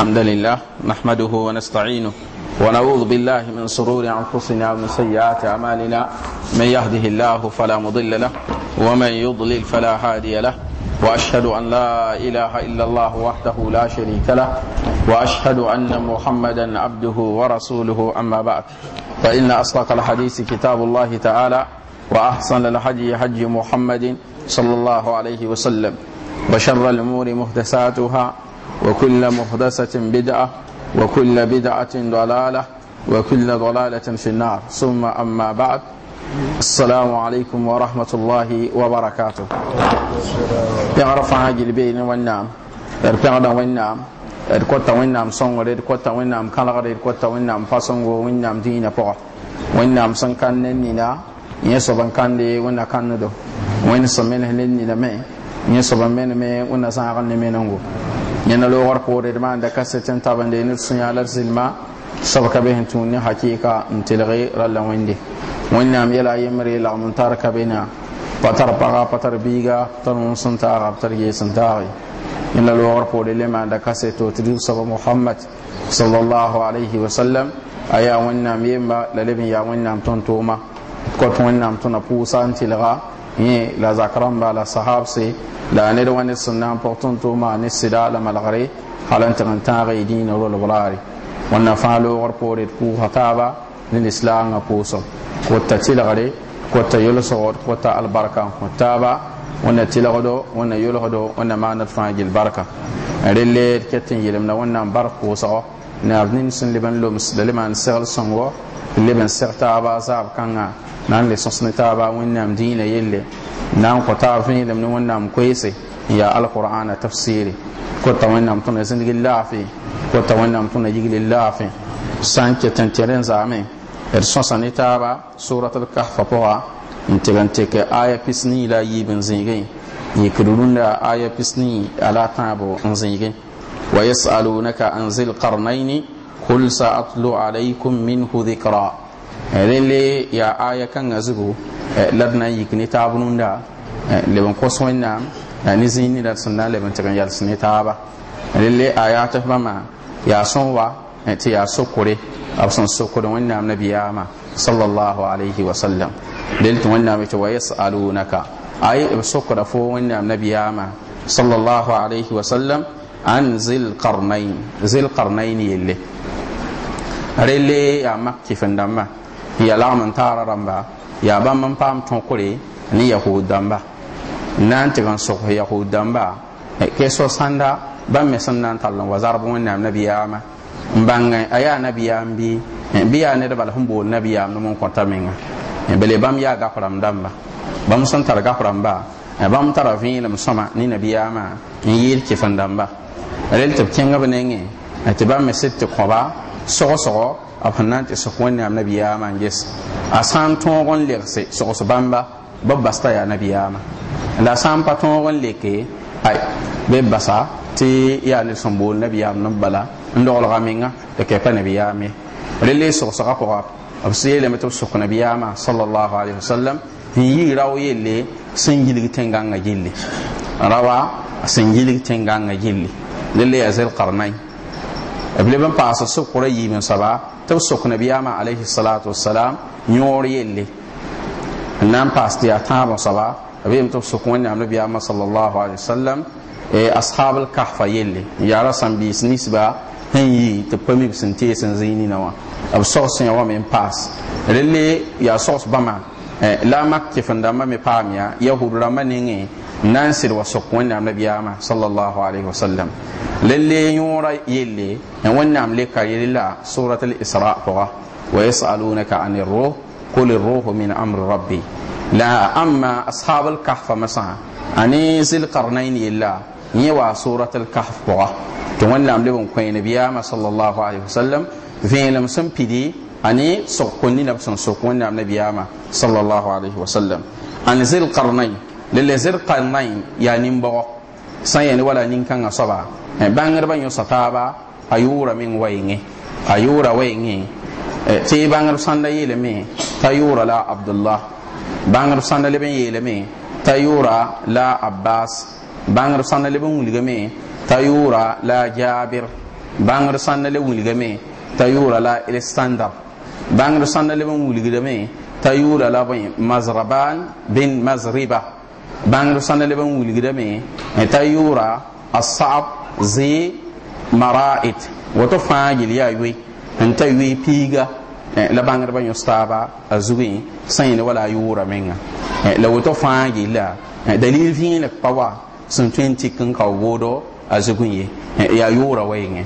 الحمد لله نحمده ونستعينه ونعوذ بالله من شرور انفسنا ومن سيئات اعمالنا من يهده الله فلا مضل له ومن يضلل فلا هادي له واشهد ان لا اله الا الله وحده لا شريك له واشهد ان محمدا عبده ورسوله اما بعد فان اصدق الحديث كتاب الله تعالى واحسن الهدي هدي محمد صلى الله عليه وسلم وشر الامور محدثاتها wa kula muhdasa cin bid'a wa kula bid'a cin dola la wa kula dola da cin shiɗina suna amma ba salamualeykum wa rahmatulahi wa barakatu. Kira na kula da ta yanayi ne ya yi fahimtar da ta yi fahimtar da ta yi fahimtar da ta yi fahimtar da ta yi fahimtar da ta yi fahimtar da ta yi fahimtar da ta yi fahimtar da ta yi fahimtar da ta yi fahimtar da ta yi yana lowar kore d da kasetẽn tabende taban da yaa la yalar zilma sabaka ka be sẽn tũud ne hakɩɩka wani telge ralla wẽnde wẽnnaam yɛla a yembre lagem n tar ka bai na tar paga pa biga biiga tar wũns n taaga b tar gees n ta yẽla loogr poore le maan da kaseto tɩ dɩ soaba mohamad sallallahu alaihi wasallam a yaa wẽnnaam yemba la leb na yaa wẽnnaam tõnd-tooma b kot wẽnnaam tõna pʋʋsa yẽ la zak rãmba la sahabse la ned wa ned sẽn na n pʋg tʋm tʋʋma ne sɩda la malgre hal n tɩg n tãag y dĩinã rolb wẽnna fãa loogr poore d pʋʋsa taaba ne lislaangã pʋʋsem kota tɩlgre kota yʋlsgd kota albarka n kõ taaba wẽnna tɩlgdo wẽnna yʋlsdo wẽnna maana fãa gil barka relle d ket n yɩlemda wẽnnaam bark pʋʋsgɔ naab nin sẽn leb n loms la le maan segl sõngo leb n seg taaba zaab kãngã na n le sõs ne taaba wẽnnaam dĩinã yelle na n kõ taab tɩ yẽlem ne wẽnnaam koeese n yaa alqur'ana tafsiri kota wẽnnaam tʋna zĩndgi laafɩ kota wẽnnaam tʋna yigli laafɩ sã n ket n ter n zaame d sõsa ne taaba surat lkahfa pʋga n teg n tek aya pis la a yiib n zĩige yikd rũndã aya pis nii a la a tãabo n zĩige wa yasalunaka an zilqarnaini kul sa atlu alaykum minhu dhikra rele eh, ya aya kan azbu eh, ladna yikni tabununda eh, le ban koswinna ni zini da sunna le ban tagan yal sunni taba rele aya ta fama ya sonwa ti ya sokore abson sokore wannan wanna ma. sallallahu alaihi wa sallam den to wanna mi to yasalunaka ay sokora fo wanna ma. sallallahu alaihi wa sallam anzil qarnayn zil qarnayn yalle. relle ya mak tifin damba ya lagm taara ramba ya bãmb n paam tõkre ne yahud dãmba na n tɩg n sʋgs yahud dãmba kɛ so-sãnda bãmb me sẽn na n tall n wa zarb wẽnnaam nabiyaamã n bãng a yaa nabiyaam e, bɩ bɩ yaa ned bal sẽn boond ya mun kõta menga bele bãmb yaa gaf rãmb dãmba bãmb sẽn tar gaf rãmba e, bãmb tara vẽelem sõma ne nabiyaamã n e, yi kɩfen dãmba rel tɩ b kẽngb ne tɩ bãmb me sɩd tɩ kõba sogsgo b sẽn na n tɩ sẽk wẽnnaam nabiyaamã n ges a sã n tõog n la pa ay bala n kɛ pa rele alaihi n rawa b leb n paasa sb kʋra yiim soaba tɩ b sok nabiyaamã alayhi salatu wasalam yõor yelle n na n paas tɩ yaa tãab n soaba b yeem tɩ b sok wẽnnaam nabiyaamã sal allahu alai wasalam ashaab l kahfa yelle n yaara sãn-biis ninsba sẽn yɩ tɩ pa mib sẽn tees zĩig nina wã b sogs sẽn ya wame n paas relle yaa sogs bãmba Eh, la mak tɩ fẽn dãmbã me paam ya yahud rãmbã nengẽ na n sɩd wa sʋk sallallahu alaihi wasallam la lee yõorã yelle wẽnnaam lekar yel la surat al-isra pʋga wa yasalunaka an ruh qul ruhu min amri rabbi la amma ashab al-kahf masã ani zilqarnain yella yẽ wa surat al-kahf pʋga tɩ wẽnnaam leb n kõe nabiyaamã sallallahu alaihi wasallam vẽelem sẽn pidi ani sokon ni nabsan sokon ni nabi yama sallallahu alaihi wasallam an zil qarnayn lil zil qarnayn ya nin bawo san yani wala nin kan asaba eh, bangar ban yo sataba ayura min wayne ayura wayne eh, ti bangar sanda yele me tayura la abdullah bangar sanda le ben yele me tayura la abbas bangar sanda le ben wuliga me tayura la jabir bangar sanda le wuliga me tayura la alexander bãngd sãn da leb n wilgdame t'a yʋʋla la bõe mazraban bin mazriba bãngd sãn da leb n wilgdame e t'a yʋʋra asab zɩ mara'it woto fãa yel yaa yoe n t'a yoe piiga e la bãngdbã yõs taaba a zugẽ sẽn yẽnd wala a yʋʋra menga e la woto fãa yella dalil vẽelg pa wa sẽn tõe n tɩk n woodo a zugẽ ye yaa yʋʋra wa yẽ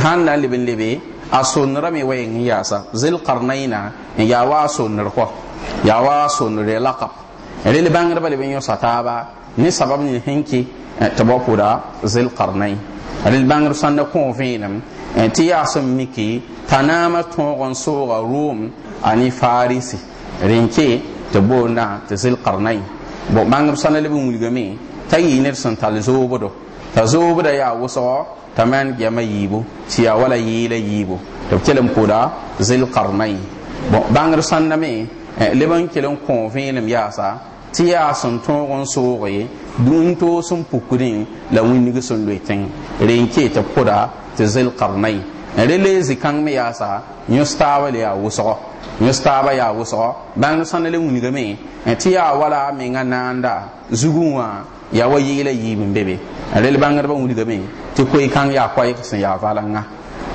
sãn la n leb n lebe a sõndra me wa yeng yaasa zilkarnaina n yaa waa sõndr kɔ yaa waa sõndre lakab rel bãngdbã leb n yõsa taaba ne sabab nin sẽn ke tɩ bao pʋda zilkarnain rel bãngd sãnda kõo vẽenem tɩ yaa sẽn miki tanaama tõog n sooga rom a farisi rẽn ke tɩ boonda tɩ zilkarnain bãngd sãnda leb n wilgame t'a yɩɩ ned sẽn tall zoobdo t'a zoobda yaa wʋsg taman gyama yiibo tɩ yaa wala yeela yiibo tɩ b kell n koda zilkarnain bon bãngr sãndame leb n kell n kõ vẽelem yaasa tɩ yaa sẽn tõog n sooge dũn toog sẽn pukdẽ la wĩndg sẽn loe tẽng ren kee tɩ b koda tɩ zilkarnain rele zĩ-kãng me yaasa yõs taaba le yaa wʋsgɔ yõs taaba yaa wʋsgɔ bãngr sãnda le wingame tɩ yaa wala menga naanda zugẽ wã ya wa yila yi min bebe rel bangar ba wuli game ti koy kan ya koy san ya valanga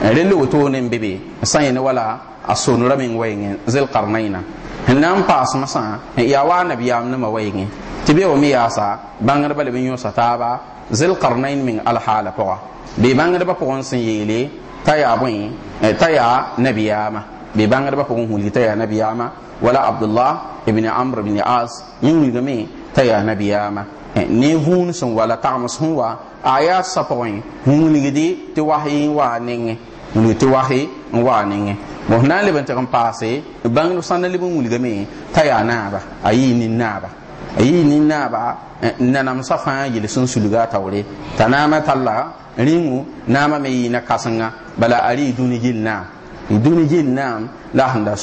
rel to ne bebe san yana wala asonura min wayin zil qarnaina nan pas masa ya wa nabiyam ne ma wayin ti be o mi ya sa bangar ba le bin yo ba zil qarnain min al hala pawa be bangar ba pon san yele ta ya bun e, ta ya nabiyama be bangar ba pon huli ta ya ma wala abdullah ibn amr ibn as yin wuli game ta ya ma. Eh, ne hun sun wala tagms hun wa aya sapoin hun ni gidi ti waa wa ninge ni ti wahi waa ninge mo na n leb n tɩg n paase san sãn na leb n wilgame t'a yaa naaba a yɩɩ nin ayi ni yɩɩ nin na eh, nanamsã fãa yel sẽn sulga a taoore t'a naama talla rĩngu naama me na kãsenga bala a rɩɩ dũni gill naam dũni gill naam la sẽn da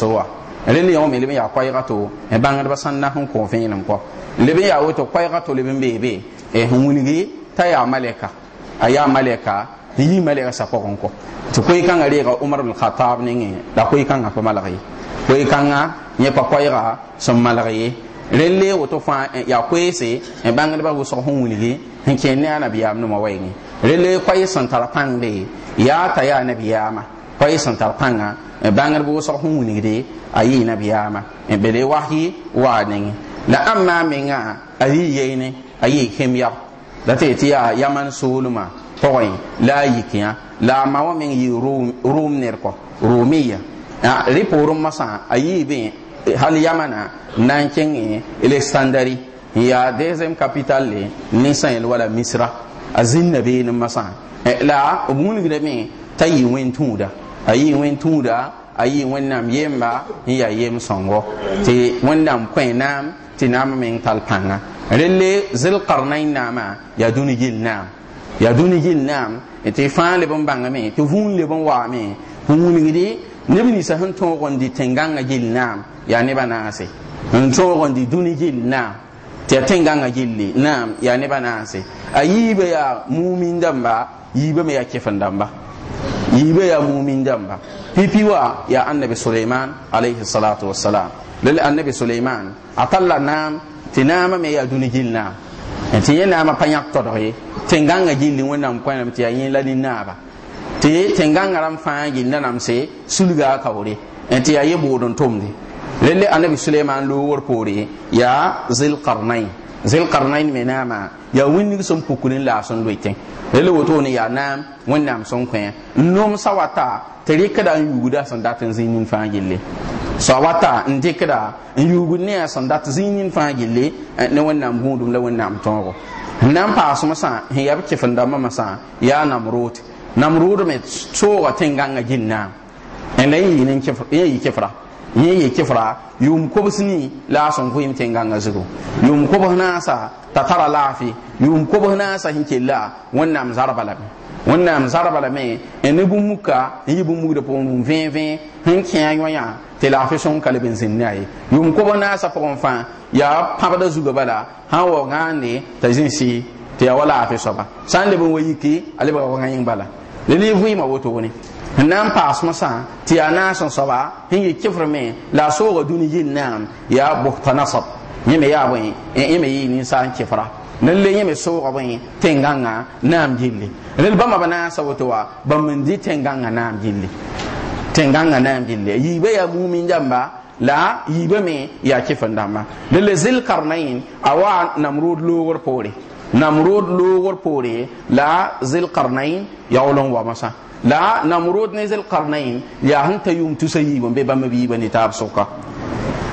rẽnd yã wã me leb n yaa koɛɛgato n bãngdbã sãn na sẽn kõ vẽenem kɔ leb n yaa woto koɛɛgato leb n beebe sẽn e wilgi t'a yaa malɛka a yaa malɛka n yɩ malɛka sakɔg kɔ tɩ koe-kãngã reega omar bn nengẽ la koe-kãngã pa malg ye koe-kãngã yẽ pa koɛɛga sẽn malg ye rẽnd le woto fãa e, yaa koeese e bãngdbã wʋsg sẽn wilgi n kẽer ne a nabiyaam numa wɛɛngẽ rẽnd le koɛɛs sẽn tara pãngde yaa t'a yaa nabiyaamã pa y sẽn tar pãnga n eh, bãngd wʋsg sẽn wingde a yɩɩ nabiyaamã n eh, be le wasy waa nengẽ la amma menga a ayi yeene a ayi kem ya da tɩ tɩ yaa yaman soolmã yi la a yikẽ la a min yi meng yɩ rʋʋm ned kɔ rʋʋmiya rɩ poorẽ masã a yɩɩ bẽ hal yamana n na n kẽngẽ alexandari n yaa deuxième capital le ninsãyel wala misra a zĩnd na beene masã eh, la b wingdame t'a yɩ wẽn a yi wen tuuda a yi wẽnnaam yemba n yaa yem sõngo tɩ wẽnnaam kõe naam tɩ naam meng tall pãnga relle zilkarnãin naamã yaa dũni gill naam yaa dũni gill naam tɩ fãa leb n bãngame tɩ vũun leb n waame tɩ wingde neb ninsã sẽn tõog n dɩ tẽngãngã gill naam yaa nebã naase n tõog n dɩ dũni gill naam tɩ yaa tẽngãngã gilli naam yaa nebã naase a yiibã yaa muumin dãmba yiibã me yaa kɩf n dãmba yibe ya mumin damba pipiwa ya annabi suleiman alayhi salatu wassalam lalle annabi suleiman atalla nam tinama me ya dunigilna e ti yana ma panyak todoye tinganga gilli wannan kwana mti ya yin lani naba ti ran ram fa nanam se sulga kawre enti ya yebodon tomde lalle annabi suleiman lo wor pore ya zil qarnain zilkarnain me naama ya winni sun pukunin la sun sẽn lele woto ne ya naam wonna am sun kwen nom sawata wata kada an yuguda sun datin zinin n sawata nin kada an eh, sa sun n zinin n ne wonna am hudum zĩig nin fãa gille ne wẽnnaam bũudum la wẽnnaam tõogo n na n paasem ya n yab kɩf n dãmbãmbã sã yaa namrood namrood me sooga tẽn gãngã ginn naam n la n ye ye kifra yum kobs ni la son ko yimte nganga zugo yum kobs na sa tara lafi yum kobs na sa hinke la wannan zarba la me wannan zarba la me en bu muka yi bu mugde po mun 20 20 hin kiya yoya te la fi son kalbin zinnai yum kobs na sa pon fa ya pabada zugo bala ha wo ngane ta jinsi te wala afi soba sande bu yiki ale ba ko ngani bala le ni vuima woto woni nan na n paasmã sã tɩ yaa na n sẽn soaba sẽn yɩ kɩfrme la a sooga dũni yɩl naam ya bʋgta nasb yẽ me yaa bõe yẽ e me yɩɩ ninsaal kɩfra rẽl yẽ me sooga bõe tẽngãngã tenganga nan jilli bãmba ba ma bana sa wato wa bãmb n dɩ tẽngãngã naam gilli tẽngãngã naam gilli yiibã yaa mumin jamba la yi yiibã me ya yaa kɩfr le le zil-karnayn awa wa namrud loogr pore namrud loogr pore la zil-karnayn ya n wa masa la namrud ne zil qarnayn ya hanta yum tusayi bon be bamba bi bani tab soka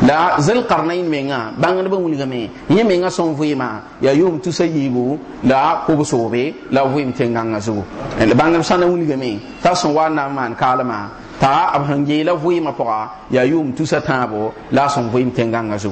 la zil qarnayn me nga bangan ba wulga me ye me nga son vuyima ya yum tusayi bu la ko sobe la vuyim tenga nga zo le bangan sana wulga me ta son wa na man kalama ta ab hanje la vuyima poa ya yum tusa bo la son vuyim tenga nga zo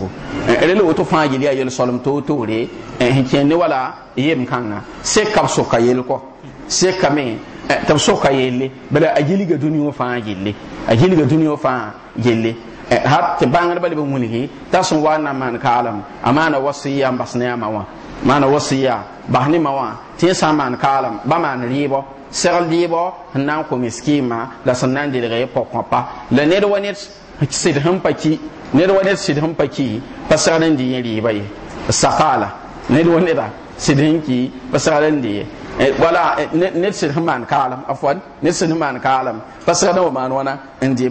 ele lo to faaji ya yel solom to to re hin ne wala yem kanga se kap soka yel ko se kame tɩ b soka yelle bala a yilga duniyo wã fãa yelle a yilga dũni wã fãa yelle eh, har tɩ bãngdbã leb n wilgi t'a sẽn wa n na n maan kaalem a maana wasiya n bas ne mana wã maana wasiya bas ne mã wã tɩ yẽ sã n maan kaalem ba maan rɩɩbɔ segl rɩɩbɔ nan na n kõ miskɩɩmã la sẽn na n delga ye pʋg pa la ned wa ned sɩd sẽn pa ki ned wa ned sɩd sẽn pa ki pa segd n dɩ yẽ rɩɩbã ye sakaala ned wa neda sɩd sẽn ki pa segd n dɩ ye Eh, wala ned sẽd sẽn maan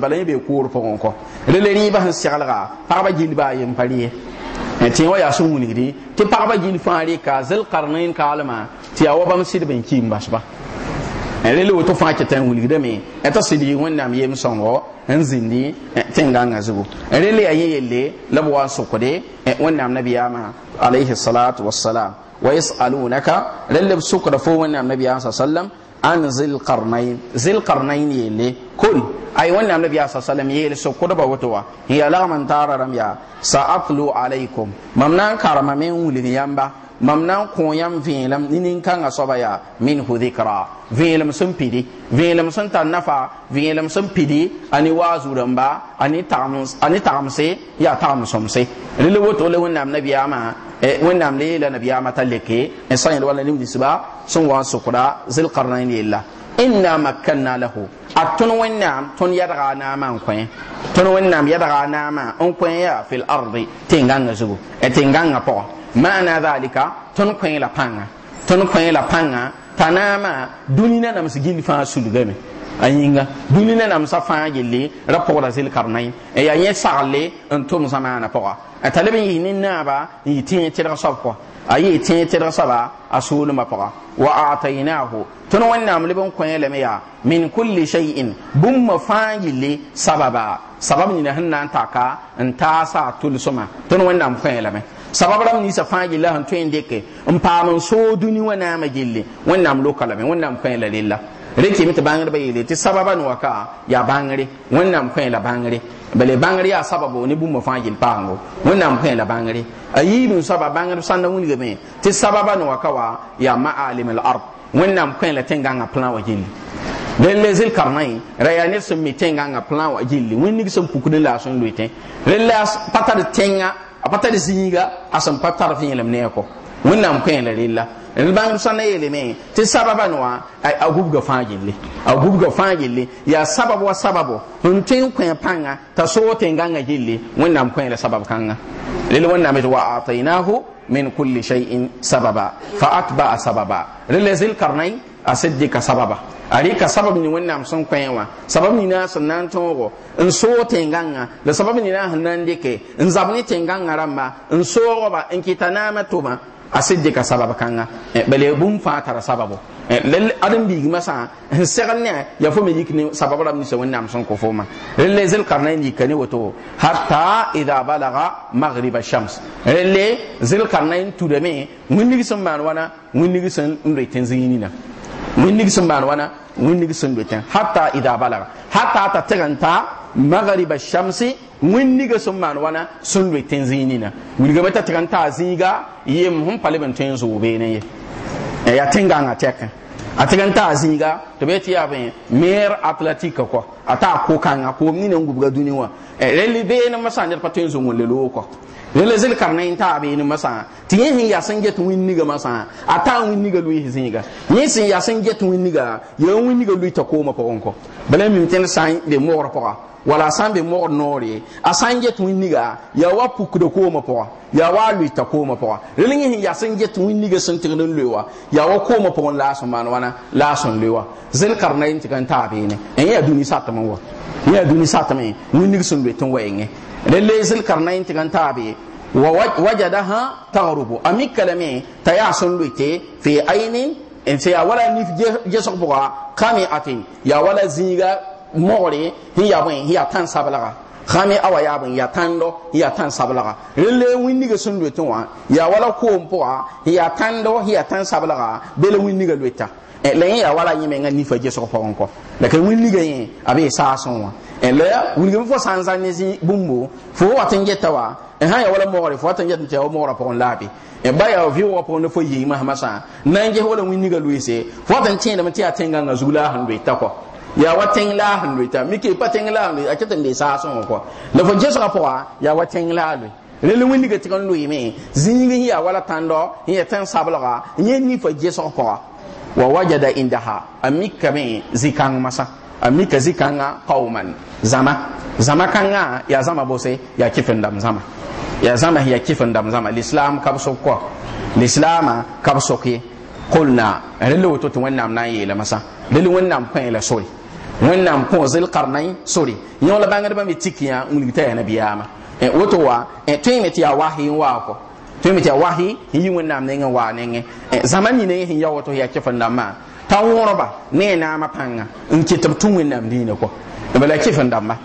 bala yẽ bee koor pʋgẽ kɔ rele rẽebã sẽn seglga pagba eh, gilbã eh, a yem pa rɩe tɩ wa yaa sẽn wilgdi tɩ pagba gil fãa rɩka alayhi salatu wassalam wa yas'alunaka lalle sukra fo wannan annabi ya sallam an zil qarnayn zil qarnayn yele kul ay wannan annabi ya sallam yele so ko ba wato wa ya la man tararam ya sa'atlu alaikum mamnan karama min wulin yamba mam na n kõ yãmb vẽelem ne nin-kãngã soaba yaa minhu dhikra vẽelem sẽn pidi vẽelem sẽn tar nafa vẽelem sẽn pidi a ne waaz rãmba a ne tagemse yaa tagem-sõmse rel woto la wẽnnaam nabiyaamã e, wẽnnaam la nabiyaamã t'a leke e, n sã wala nim sẽn wa n sokra makkanna lahu a tõnd wẽnnaam tõnd a naamã n kõ tõnd wẽnnaam a naamã n kõ yaa ardi zugu e, maana zalika tun kwen la panga tun kwen la panga tanama dunina nam sigil fa sulgame ayinga dunina nam sa fa gelle rapora zil karnay e ya yen sarle en tom zamana pora atalebe yini naba yi tin tira sab ko ayi tin tira saba asul ma pora wa atainahu ton wannan mulbin kwen la ya min kulli shay'in bum ma fa gelle sababa sabab ni na hanna taka n ta sa tul suma ton wannan la me sabab ram ninsã fãa gilla sẽn tõe n dɩke n paam n soog dũni wẽnnaamã gilli wẽnnaam loka lame wẽnnaam kõ la rella rẽ kɩme tɩ bãngdbã yeele tɩ sababa n waka yaa bãngre wẽnnaam kõ la bãngre bale bãngr yaa sababo ne bũmba fãa gill paango wẽnnaam kõ la bãngre a yiib n soaba bãngd sãnda wilgame tɩ sababa n waka wa yaa alim l ard wẽnnaam kõ la tẽngãngã pʋlã wã gilli rẽlle zil-karmã ra yaa ned sẽn mi tẽngãngã pʋlã wã gilli wẽn nig sẽn pukd n la a sẽn loe tẽ rẽ la pa tar tẽngã a pa tar zĩiga a sẽn pa tar vẽelem ne a kɔ wẽnnaam kẽela rella rel bãngd sã na yeeleme tɩ sababa ne wã a gubga fãa gelle a gubga fãa gelle sababu sabab wa sababo n tõe n kõ pãnga t'a soog tɩ n gãngã gelle wẽnnaam kõ la sabab kãnga rel wẽnnaam tɩ wa atainahu, min kulli shay'in sababa fa atba'a sababa rel zil-karnayn a sẽd dɩka sababa a ka sabab ni wani wẽnnaam sẽn kõ wã sabab nina sẽn na n tõogo n soog tẽngãngã la sabab nina sẽn na n dɩke n zab ne tẽngãngã rãmba n soogba n kɩta naamã tʋma a sẽd dɩka sabab kãnga eh, bale bũmb fãa tara sababo eh, adam bi masa in segl ne ya fo me yik ne sabab rãmb wani wẽnnaam sẽn kõ foma rẽle karnai ni kani wato hatta ida balaga maghrib ash shams lalle rẽle karnai tudame mun nig sẽn maan wana mun nig sẽn n roe tẽn winnig sẽn maan wãna winnig sẽn be tẽ hata ida balaga hata t'a tɩg n ta magriba shamsi winniga sẽn maan wãna sẽn be tẽ zĩig nina wilgame t'a tɩg n taa zĩiga yem sẽn pa leb n tõe n zoog beene ye yaa tẽngãngã tɛkẽ a tɩg n taa zĩiga tɩ be tɩ yaa bẽ meer atlantika kɔ a taa ko-kãngã koom nina n gubga dũni wã rel beene masã ned pa tõe n zong n le loog kɔ rela zil kam na ta ni masa ti yin hin ya san get win niga masa ata win niga lui hin ga yin sin ya san get win niga yo win niga lui ta koma ko onko bala mi ten san de mo ro wala san be mor nore asan get winniga ya wa pukdo ko ma po ya wa luita ko ma po relingi hin ya san get winniga san tirnin lewa ya wa ko ma po la san man wana la san lewa zin karnayin tikan ne en ya duni satama wa ya duni mun niga sun be ton wayenge lalle zin karnayin tikan tabi wa wajadaha taghrubu amikalame sun luite fi ainin en fi wala nif je je kami atin ya wala ziga moore hin ya bwen hin ya tan sablaga khami awa ya bwen ya tan do ya tan sablaga rille winni ga sun lwetin wa ya wala ko wa ya tan do ya tan sablaga bele winni ga lweta e le ya wala nyime nga ni faje so pon ko da ke winni ga yin abi sa son wa e le winni ga fo san san ni si bumbu fo watin ta wa e ha ya wala moore fo watin je ta moora pon labi e ba ya vi wa pon fo yi ma sa nan je wala winni ga lwese fo watin tin da mutiya tenga nga zula han ta ko ya wa tẽng laasem loe t'a mike pa tẽng laasem a ket n dee saa ko kɔ la fo gesgã pʋga ya wa tẽng laa loe rel wĩndga tɩg n loeeme ya wala tãndɔ n yaa tẽn-sablga n yẽ ni fa gesg pʋga wa wajada indaha a mikame zĩ masa masã a mika zĩ-kãngã qauman zama kan kãngã ya zama bose ya kifin dam zama. ya zama ya kifin dam zama. l'islam kab sok kɔ lislaamã kab sok ye qulna rel woto tɩ wẽnnaam na n yeelame sã rel wẽnnaam kõ la sore wẽnnaam kõ zilkarnain sore yõla bãngdbã me tikiyã wilg t'a yaa nabiyaamã e, woto wa tõeme tɩ yaa wasy n waa kɔ tõeme tɩ yaa wasy n yi wẽnnaam neng n waa nengẽ zãma nina sẽn ya e, woto yaa kɩf n dãmbã t'a wõrba ne a naamã pãnga n kɩt b tũ wẽnnaam dĩinã kɔ e, bala kɩf n dãmba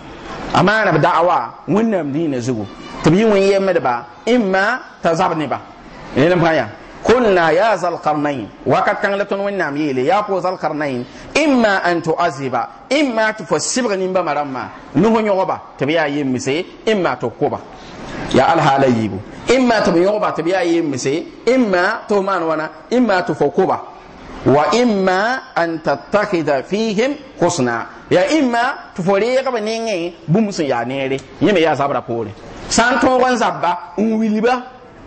a maana b da'awa wẽnnaam dĩinã zugu tɩ b yɩ wẽn yembdba ĩmma t'a zab neba rẽd n pã قلنا يا ذا القرنين وقد كان لتون وينام يلي يا بو ذا القرنين إما أن تعذب إما تفسبغ نمبا مرمى نهو يغبا تبيا يمسي إما تقوبا يا الها ليبو إما تبي يغبا تبيا يمسي إما تهمان وانا إما تفقوبا وإما أن تتخذ فيهم حسنا يا إما تفريق بنيني بمسي يا نيري يمي يا زبرا بوري سانتون وانزبا ويلبا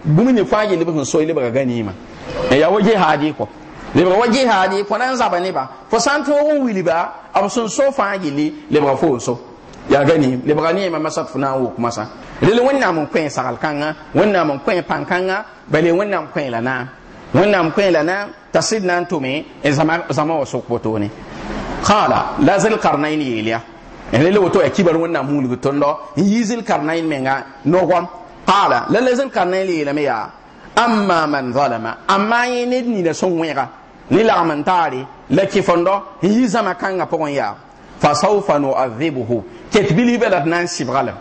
bũmb ne fãa yɩ soyi sẽn soy gani ma. n e ya waje jehaadɩ ko lebga wa waje kõ ko nan zaba ba fo sã n toog n wilba b sẽn so fãa yɩlɩ lebga fo n so yaa ganim lebga neema masat fo na n wʋk masã rel wẽnnaam n kõ sagl-kãngã wẽnnaam n kõ pãn-kãngã bale wẽnnaam kõ e la naam wẽnnaam lana la naam t'a sɩd na n zama n zãma ko to wotone qala la zelkarnain yeel ya rel woto yaa e kibar wẽnnaam wilg yizil n me nga n'o nogam qala la lazim kan ne le me ya amma man zalama amma yi ne ni da son wera ni la man tare la ki fondo yi zama kan ga pokon ya fa sawfa nu'adhibuhu ketbili belat nan sibgala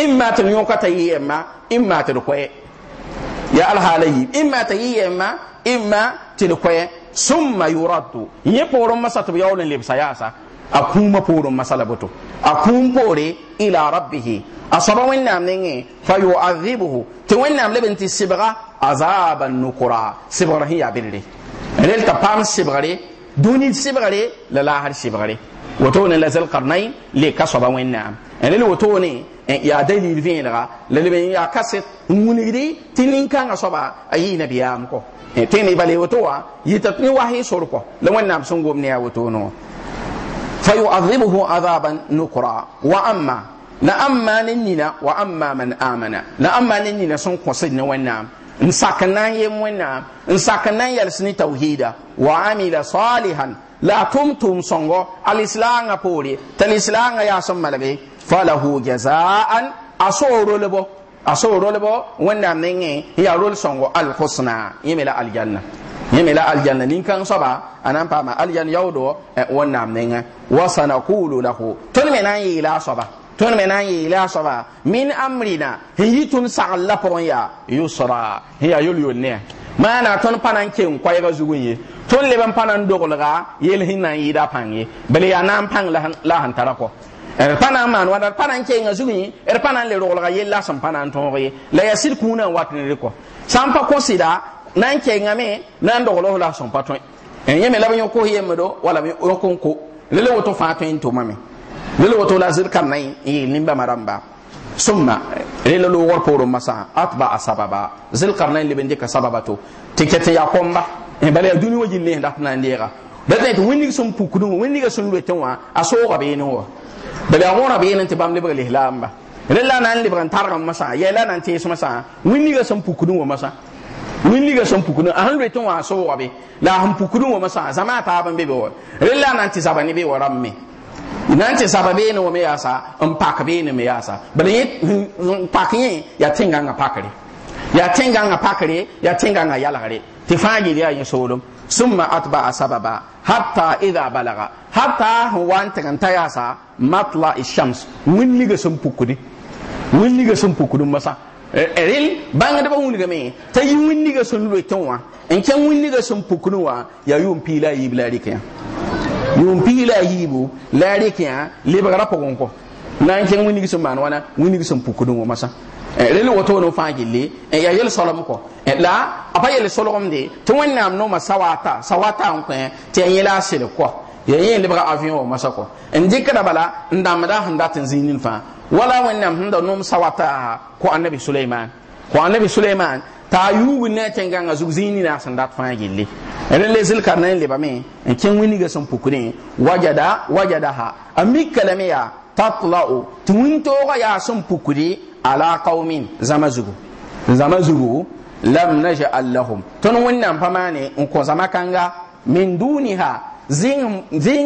imma tan yon kata yi emma imma tan ko ya alhalayi imma ta yi emma imma tan ko summa yuraddu yi poron masa to yawlan libsa yasa a kuma poorẽ masala boto a kun pore, ila rabbihi a soaba wẽnnaam nengẽ fa yu'adhibuhu tɩ wẽnnaam leb n tɩ a azaban nukura sɩbgr hiya yaa bɩrre rel t'a paam sɩbgre dũni sɩbgre la laasr sɩbgre wotone la zelkarnain leka soaba wẽnnaam rel wotone eh, yaa dalil vẽelga la leb eh, ne, ya kaset n wilgdi tɩ nin-kãngã soaba a yɩɩ nabiyaam kɔ tẽene bale woto wã yɩ tɩ ne wasy sorkɔ la wẽnnaam sẽn gom ne ya wotone n'o. فيعذبه عذابا نكرا واما لأما نننا وأما من آمن لأما نننا سنكو سيدنا ونعم n sak n na n yem wẽnnaam n sak n na n yɛls ne tawhiida wa amila salihan la a tʋm tʋʋm sõngo a lislaangã poore t'a lislaangã yaa sẽn alhusna yẽ me la aljanna nin-kãng soaba a na n paama aljan yaoodo eh, wẽnnaam nengã wa sanakulu lahu tõnd me na n yeela a soaba tõnd me na n min amrina sẽn yi tʋmd sagl la pʋgẽ yaa yʋsra sẽn yaa yol-yol ne maana tõnd pa na n keng koɛɛgã zugẽ ye tõnd leb n pa na n doglga na la er yella er ye la ya sɩd kũu wat kɔ sã n pa kõsɩda nan kenga me nan do lo la son patron en yeme la banyo ko yeme do wala mi o kon ko le le woto fa to mame le le woto la zir kan nay yi limba maramba summa le le lo wor poro masa atba asababa zil karnain le bende sababato tikete ya komba en bale duni waji le ndat na ndira bete to windi sum pukunu windi ga sun wete wa aso ga be no bale amona be nan te le bale lamba le la nan le ban targa masa la nan masa ga sum masa liga san pukdẽ a sẽn loe tɩ wãa soogbe la a sẽn pukdẽ zama sã zãma a taab n be be wa rel la a na n tɩ zaba ne be wa rãmb me nan tɩ zaba beene wame yasa n um pak beene me yaasa bala yẽ pak yẽ yaa tẽngãngã pakre ya tẽngãngã pakre yaa tẽngãngã yalgre tɩ fãa gel yaa yẽ soolem summa atbaa sababa hatta idha balaga hatta sẽn wa ta yasa n ta yaasa matla shams winliga sẽn pukdi winliga sẽn pukdẽ Eh, eh, rel bãngdbã wilgame t'a yi wĩnniga sẽn loetẽ wã n kẽ wĩnniga sẽn pukr wã yaa yʋʋm piig la a yiib la a rɩkẽ yʋʋm piig la a yiibu la a rɩkẽ yã lebgra pʋgẽ kɔ la n kẽng wĩnnig sẽn maan wãna wĩnnig sẽn pukdẽ wã masã rel woto no fãa gilli yaa yel-solem kɔ la a pa yel-solgemde tɩ wẽnnaam noma sawata sawata n kõ tɩ yaa yẽ la a selg kɔ ya yi libra avion wa masa ko in kada bala ndamda handa tin zinin fa wala wannan da num sawata ko annabi sulaiman ko annabi sulaiman ta yugu ne tenga nga zuk zinin na san dat fa gille ren le zil karnan le bame in kin wini ga san pukune wajada wajadaha ammi kalamiya tatla'u tun to ga ya san pukuri ala qaumin zama zugu zama zugu lam naj'al lahum tun wannan fa mane in ko zama kanga min duniha zĩig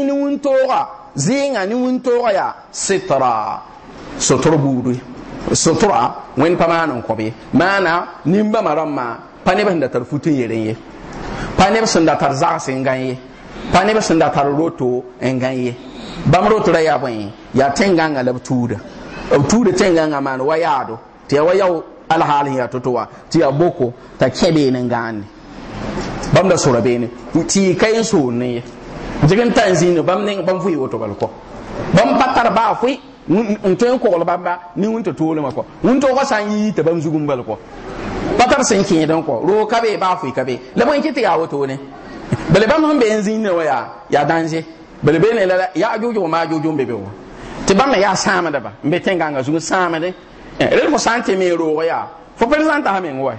ni wĩntooga zɩɩngã ne wĩntooga yaa sitra sotr buudu sotra wẽnd pa maan n kõb ye maana nimbãmbã rãmbã pa neb sẽn da tar fut n yer n ye pa neb sẽn da tar zags n gãn ye pa neb sẽn da tar roto n gãn ye bãmb roto ra yaa bõe yaa tẽngãngã la b tuuda b tuuda tẽngãngã maan wa yaado tɩ ya wa yao alhaal sẽn yaa to-to wa tɩ yaa boko t'a kẽ beene n gãande bãmb da sora beene tɩ y ka n soonne ye jigin ta zĩndo ne ning bãmb vɩɩ woto bal kɔ bam patar ba fuyi in n yin n kogl ni wunta wẽn mako wunta kɔ san yi ta n zugun tɩ bãmb bal kɔ patar tar sẽn dan kɔ roo ka be baa fɩ ka be la bõe kiti ya wato ne bale bãmb sẽn be n zĩndẽ wã yaa yaa dãnze bale beene la ya ajuju ma ajuju be n be ti wã ya sama da ba sãamdba n be zugun sama sãamde eh, rel fo sã n tɩ me ro waya fo président ha me wa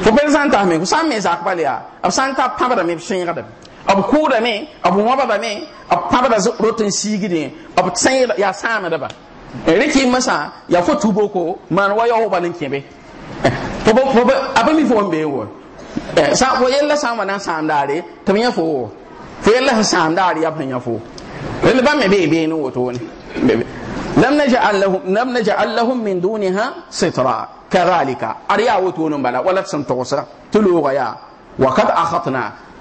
fo président tasa meng fo sã n me zak bal yaa b sã da me pãbdame b sõegdame b kʋʋdame b wãbdame b pãbda rot n siigdẽ b tsẽ yaa sãamdba rɩkɩ masã yaa fo tu boko maan wa yao bal n kẽbe a pa mi fo n bee wo yella sã n wa na n sãam daare tɩ b yã fo fo yella sẽn sãam daare yaa b sẽn yã fo rel bãmb me bee beene wotone min نجعل لهم لم نجعل لهم من دونها سترا كذلك اريا وتون بلا ولا سنتوسا تلوغيا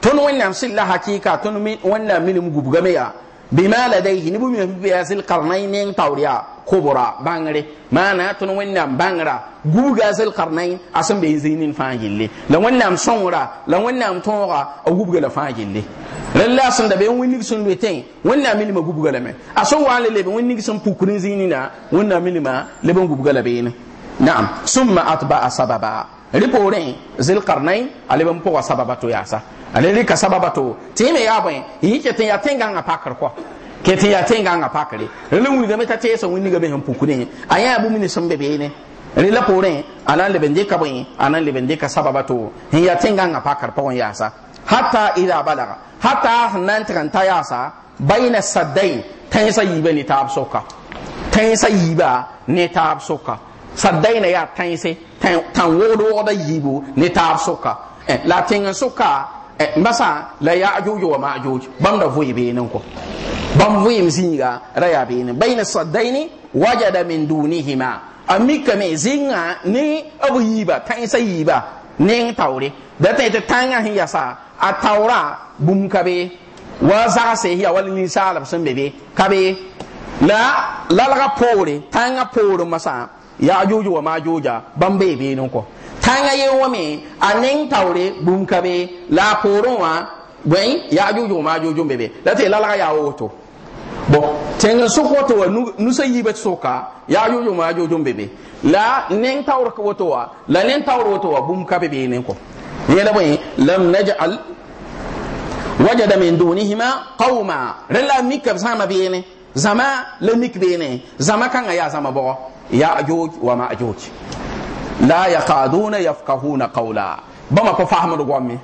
tun wannan sɩd la hakɩɩka tõnd wẽnnaam minim gubgame yaa bɩma ladayhi ne bũmb bɩ yaa zɩlkarnayn neng taoor yaa bangare. Ma na tõnd wannan bãngra gubga karnai a sẽn bai zinin zĩig nin fãa la wannan sõngra la wannan tõoga a gubga la fãa lalla sun da be wani sun sẽn wannan wẽnnaam minima gubga lame a sẽn wani lebe wani sun sẽn pukr n zĩig nina ma minima leb n gubga la beene naam summa a sababa rẽ poorẽ karnai a leb n sababatu sababa to ale ka sababa to ya me yi bõe yɩ ya tin yaa tẽngãngã pakr kɔ ket ke tin ya tin rẽla wilgame t'a teesa wĩnniga me sẽn pukdẽ a yãa bũmb ne sẽn be beene rẽla poorẽ a na n leb n dɩka bõe a na n leb n ka sababa to n yaa tẽngãngã pakr pʋgẽ yaasa hata ida balaga hata sẽn na n tɩg n ta sa baina yi tẽesa yiiba ne taab soka tẽesa yiiba ne taab soka sadainã yaa tẽese tãn wogd wogda yiibu ne taab ɛ eh, la tin n soka Eh, mbasa la ajuju wa ma'juj bam da vuyi benin ko bam voye mzinga raya benin bayna saddaini wajada min dunihima amika me zinga ni abu yiba tan sai yiba ne tawre da ta ta tanga hin yasa a tawra bum kabe wa za se hiya wal ni salam sun bebe kabe la lalga pore tanga pore masa ajuju wa ma'juja bam bebe benin ko tanga ye wame anen tawre bunkabe la porun wa gwen ya ajuju ma ajuju bebe la te la la ya woto bo tenga sokoto wa nu sa yibe soka ya ajuju ma ajuju bebe la nen tawre ko to wa la nen tawre to wa bunkabe be ne ko la boy lam naj'al wajada min dunihima qauma rela mikab sama be ne zama le mikbe ne zama kanga ya zama bo ya ajuju wa ma ajuju la yaqaduna yafqahuna qawla bama ko fahmar gwamme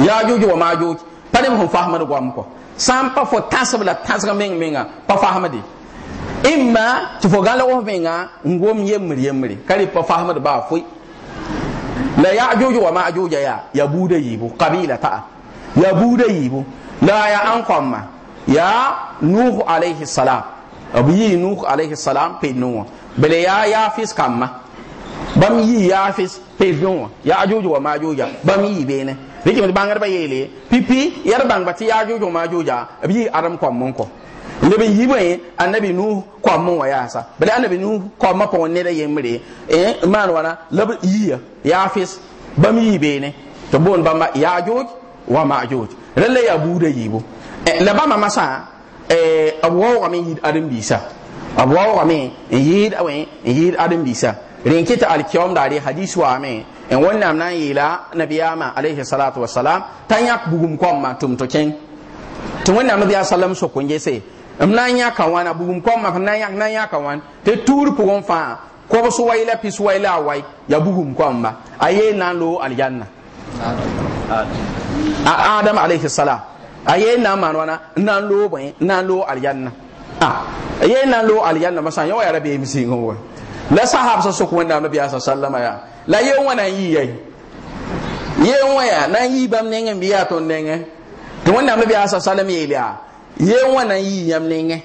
ya juji wa ma juji pare mo fahmar gwam ko sam pa fo tasbla min meng menga pa fahmadi imma ti fo gala wo menga ngom yemri yemri kari pa fahmar ba foi la ya'juj wa ma'juj ya yabuda yibu qabila ta yabuda yibu la ya an kwamma ya nuhu alayhi salam abiyi nuhu alayhi salam pe no bele ya ya fis kamma bam yi yafis pevyon wa ya ajojo wa majoja bam yi bene rike mi bangar ba yele pipi yar bang bati ya ajojo wa majoja bi aram kwam mon ko nabi yi bai annabi nu kwam mon wa ya sa bale annabi nu kwam ma pon ne da yemre eh man wana lab yi yafis bam yi bene to bon bam ya ajoj wa majoj lalle ya bude yibo eh, la bama masa eh abu wa mi yi adam bisa abu wa min yi adam bisa rinkita kita da dare hadisi wa me en wannan nan yila nabiyama alaihi salatu wassalam tan yak bugum komma tum to ken to wannan nabi sallam so kunje se m na n yãka wãna bugum kɔmma nan ya kan wan te tur tuur pʋgẽ ko kobs wayla pis wayla a wai ya bugum kɔmba ma aye nan lo aljanna a adam alayhi salam aye nan na wana nan lo n na lo na aljanna a aye na lo aljanna masan yo ya rabbi misin beem la sahab sa sok wẽnnaam nabiya sa sallama ya la yel wã na n yɩ yae na yi yɩ nge nengẽ bɩ yaa tõnd nengẽ tɩ wẽnnaam nabiya sa sallama ya yaa yel wã na n yɩ yãmb yi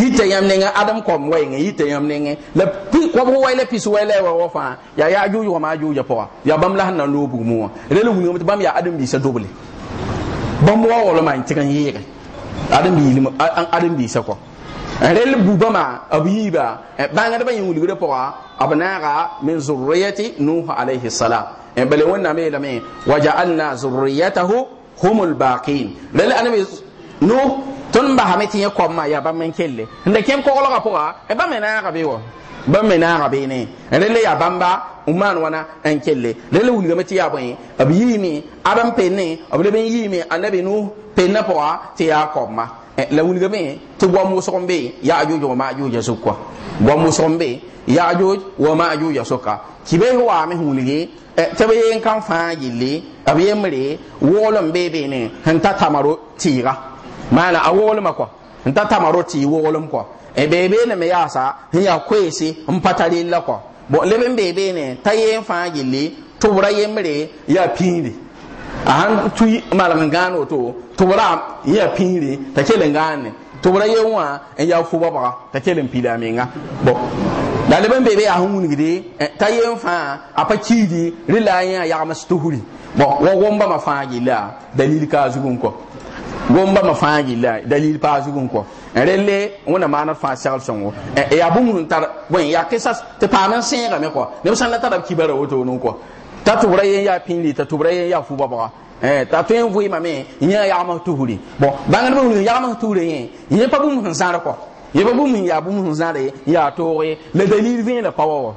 yita yam ne nga adam kom wai yi yita yam ne nga la pi ko bo wai la pi so wai la wa wafa ya ya ju ju ma ju ja po ya bam la na lo bu mu re lu ngi bam ya adam bi sa doble bam wa wa yi man tikan yi adam bi adam bi sa ko rel bubama abiba eh, banga da yin wulgure pawa abnaga min zurriyati nuh alayhi salam eh, bale wannan me lame waja'alna zurriyatahu humul baqin rel anabi nuh tun ba hameti ya kwamma ya ban men kelle nda kem ko loga pawa e eh, ba men na be wo ban me na gabe ne rel ya bamba umman wana an kelle rel wulga mati ya ban abiyimi aban penne abule ben yimi anabi nuh penna pawa ti ya kwamma Eh, la wilga me ti gom wusgum be ya ajuj wa majuj ya sukwa gom wusgum be ya ajuj wa majuj ya sukka ki be eh, wa eh, me hulge ta be yen kan fa gilli abi yemre wolon be be ne hanta tamaro tira mana a wolon makwa hanta tamaro ti wolon kwa e be be ne me yasa ya kwesi mpatari la kwa bo lebe be be ne ta yen fa gilli tubra yemre ya pindi han tui malg gãan to tʋbra ya pĩire t'a kell n gãanne tʋbra yel wa en ya fu baba t'a ke n pila a menga bɔ la leb n be be yaa sẽn wingde eh, t'a ye fa a pa kiidi rẽ la ya mastuhuri bo wo tohri bɔ wa gombãmã dalil ka zugun ko kɔ gombãmã fãa gilla dalil paa zug n rele wona wẽnna maana fãa segl sõngo eh, yaa bũmb sẽn tar ya bõe te pa tɩ paam ga me ko ne san la tara b wo to n ko ta tubra yen ya pinli ta tubra yen ya fuba ba eh ta fen vui mame nya ya ma tuhuri bo bangal bu ya ma tuhuri yen ye pa bu mun sar ko ye pa bu mun ya bu mun re ya to re le dalil vin la pawo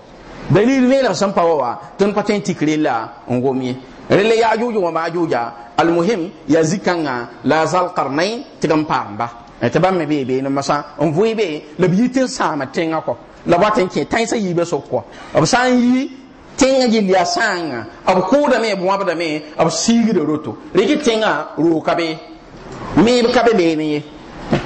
dalil vin la san pawo ton patin tikri la ngomi rele ya juju wa ma juja al muhim ya zikanga la zal qarnain tigam pamba eh, ta bam me be be no masa on vui be le sa sama tenga ko la watin ke tan sai yibe sokko ob san yi tẽngã gill yaa sãanga b kʋʋdame b wãbdame b siigda roto rɩkɩ tẽngã rooka be mɩɩb ka be beene ye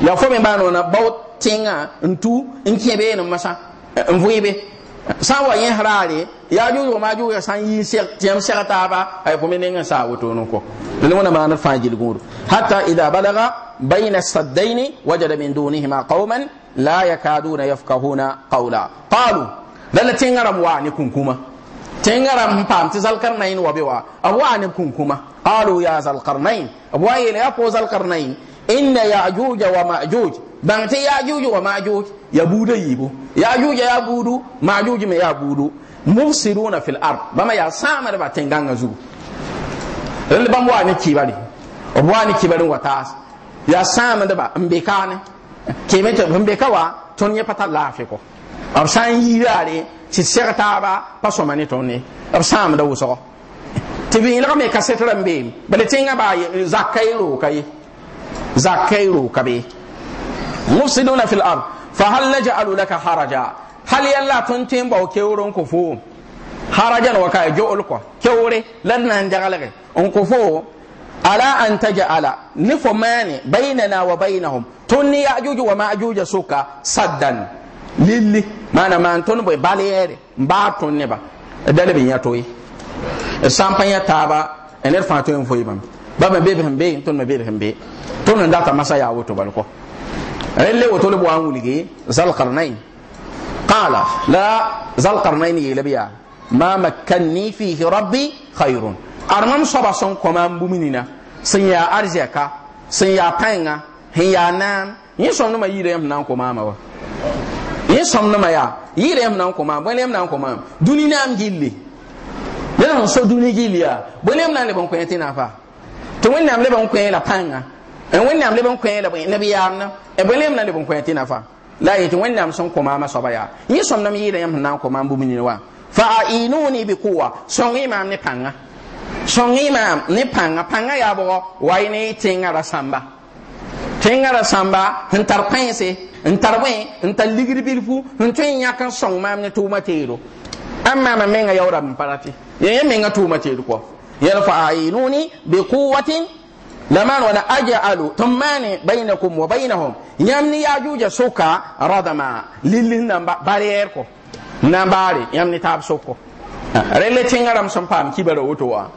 yaa fo me baa noona bao tẽngã n tu n kẽ beenem masã n eh, vɩɩbe sã n wa yẽs raare yaa joog maa joogã sã n yɩɩ tɩyãmb sɛg taaba ay fo me neng n saa wotoon n kɔ d le wẽna maan d fãa gil gũudu hata ida balaga baina saddaini wajada min dunihima qauman la yakaduna yafkahuna qawla qalu lala tẽngã rãmb waa ne kũnkũma tengara mpam ti zalkarnain wa biwa abu anim kun kuma qalu ya zalkarnain abu ayi ya ko zalkarnain inna ajuj wa ma'juj ban ti ajuj wa ma'juj ya buda yibo ajuj ya budu ma'juj me ya budu mufsiruna fil ard bama ya samar ba tenganga zu rel bam wa ni kibari abu ani kibali wa tas ya samar ba mbekane kemete mbekawa ton ya pata lafi ko am san yirare tɩ sɛg taaba pa sõma ne tõnd ne b sãamda wʋsgɔ tɩ vẽelg me ka setra n beem bala tẽngã baa zakã y rooka ye zakã y rooka be mufsiduna fi lard fa hal najalu laka haraja hal yalla tõnd tẽen bao keoor n kõ foom haraja n wa kaa jo'ol kɔ keoore la d na n deglge n kõ foo ala an tajala ne fo maane bainana wa bainahum tõnd ne ya'juj wa ma'juja soka saddan lilli maana maan tõnd bõe bal yɛɛre n baa tõnd neba dala bɩ yã toye sãn pa yã taaba ned fãa tõe n foe bãmb ba me bebs n be tõnd me bebs n be tõnd n data masã yaa woto bal kɔ rẽd le woto le bɩ wa n wilge zalkarnain qala la zalkarnain yeele bɩ yaa ma makkanni fiihi rabbi khayrun ad mam soaba sẽn kõma n bũmb nina sẽn yaa arzɛka sẽn yaa pãenga sẽn yaa naan yẽ sõmdmã yiidã yãmb sẽn na n kõ maama wa sõmdmã yaa yɩɩr yãmb na n kõ maam bõe yãmb na n e kõ maam dũni naam gilli ne la n so dũni gilli yaa bõe yãmb na n leb n kõ tɩ na pa tɩ wẽnnaam leb n kõ la pãnga wẽnnaam leb n kõ la b bõe yãmb na n leb n kõ tɩ na fa la a yetɩ wẽnnaam sẽn kõ maamã soaba yaa yẽ sõmdm yɩɩrã yãmb sẽn na n kõ maam bũmb nina wã fa ainuni bi quwa sõng y maam ne pãnga sõng y maam ne pãnga pãnga yaa bʋgɔ wa y ne tẽngã ra sãmba tẽngã ra sãmba sẽn tar pãense n tar bõe n tar ligd bilfu n tõe n yãk n sõng maam ne tʋʋmã teero ãn maama menga yaoora n pa rate ya yẽ menga tʋʋmã teer kɔ yarfa ainuni biquwatin laman wala ajalu tɩ n maane bainakum wa bainahum yãmb ne yaajuuja soka radama lillis namba barɛɛr kɔ n na n baare yãmb ne taab sok kɔ rẽle tẽngã rãmb sẽn paam kibara woto wã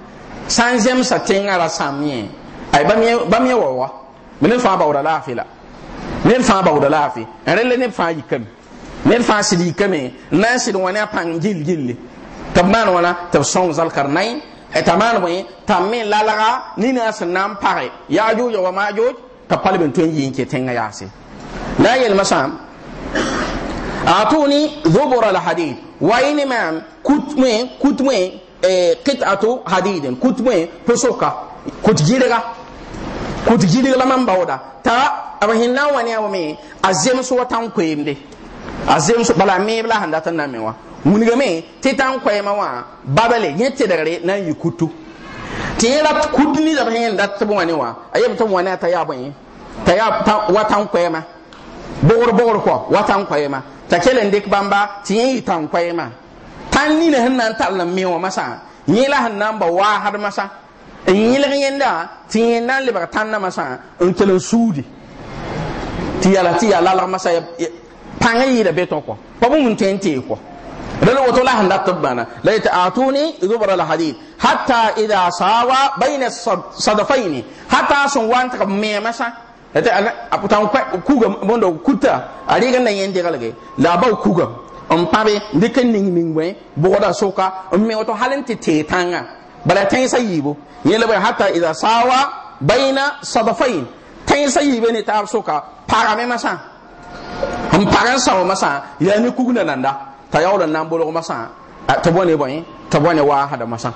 sã n zemsa tẽngã ra sãm yẽ ay bam yẽ wa wa bɩ ne fãa baoora laafɩ la ned fãa baooda laafɩ ne ned fãa yikame ned fãa sɩd yikame n na n sɩd wã ne a pãng gill gilli tɩ b maan wãna tɩ b sõng zalkarnain t'a maan bõe t'a me lalga nina sẽn na n pagɛ yaajuuja wa maajuuj t'a palb n tõe n yɩɩn kẽ tẽngã yaase la a yelma sãam atuni dhubura alhadid wayne man kutme kutme eh, qit'atu hadidin kutme posoka kut gɩdga kut la man bawda ta b sẽn wani awo me azem a watan a azem wa bala me a zems bala meeb la sẽn dat n na me wã wilgame tɩ tãn babale yete dare nan yikutu yi la tɩ da ra da b wani wa dat tɩ wani t'a ya bun t'a ya watan tãn koɛɛmã bogr ko watan wa t'a kele ndik bamba ti yi tan yɩ tan ni ne nina sẽn na masa tall la sẽn ba wa har masa n yɩlg yẽnda tɩ na n lebg tãndãmã sã n n suudi tɩ yala tɩ yaa lalg masã pãng yɩɩda be tõkɔ pa bũmb n tõe n tee kɔ rel woto la sẽn dat b la yetɩ zubra hata ida sawa baina ne hata sẽn wa n tɩg b meemã tãn kugam kuta a rɩgenda yẽ deglge la a bao kugam n pãbe dɩk n ning bʋgda soka n me woto hal n tɩ tee tãngã bala tẽnsã yiibo yẽl b hata ida sawa baina sadafain tẽnsã yiibe ne taab soka pagame masã n pag n sao masã yaa ne kugna nanda t'a yaool n na n bolg masã tɩ bõne bõe tɩ bõne waasda masã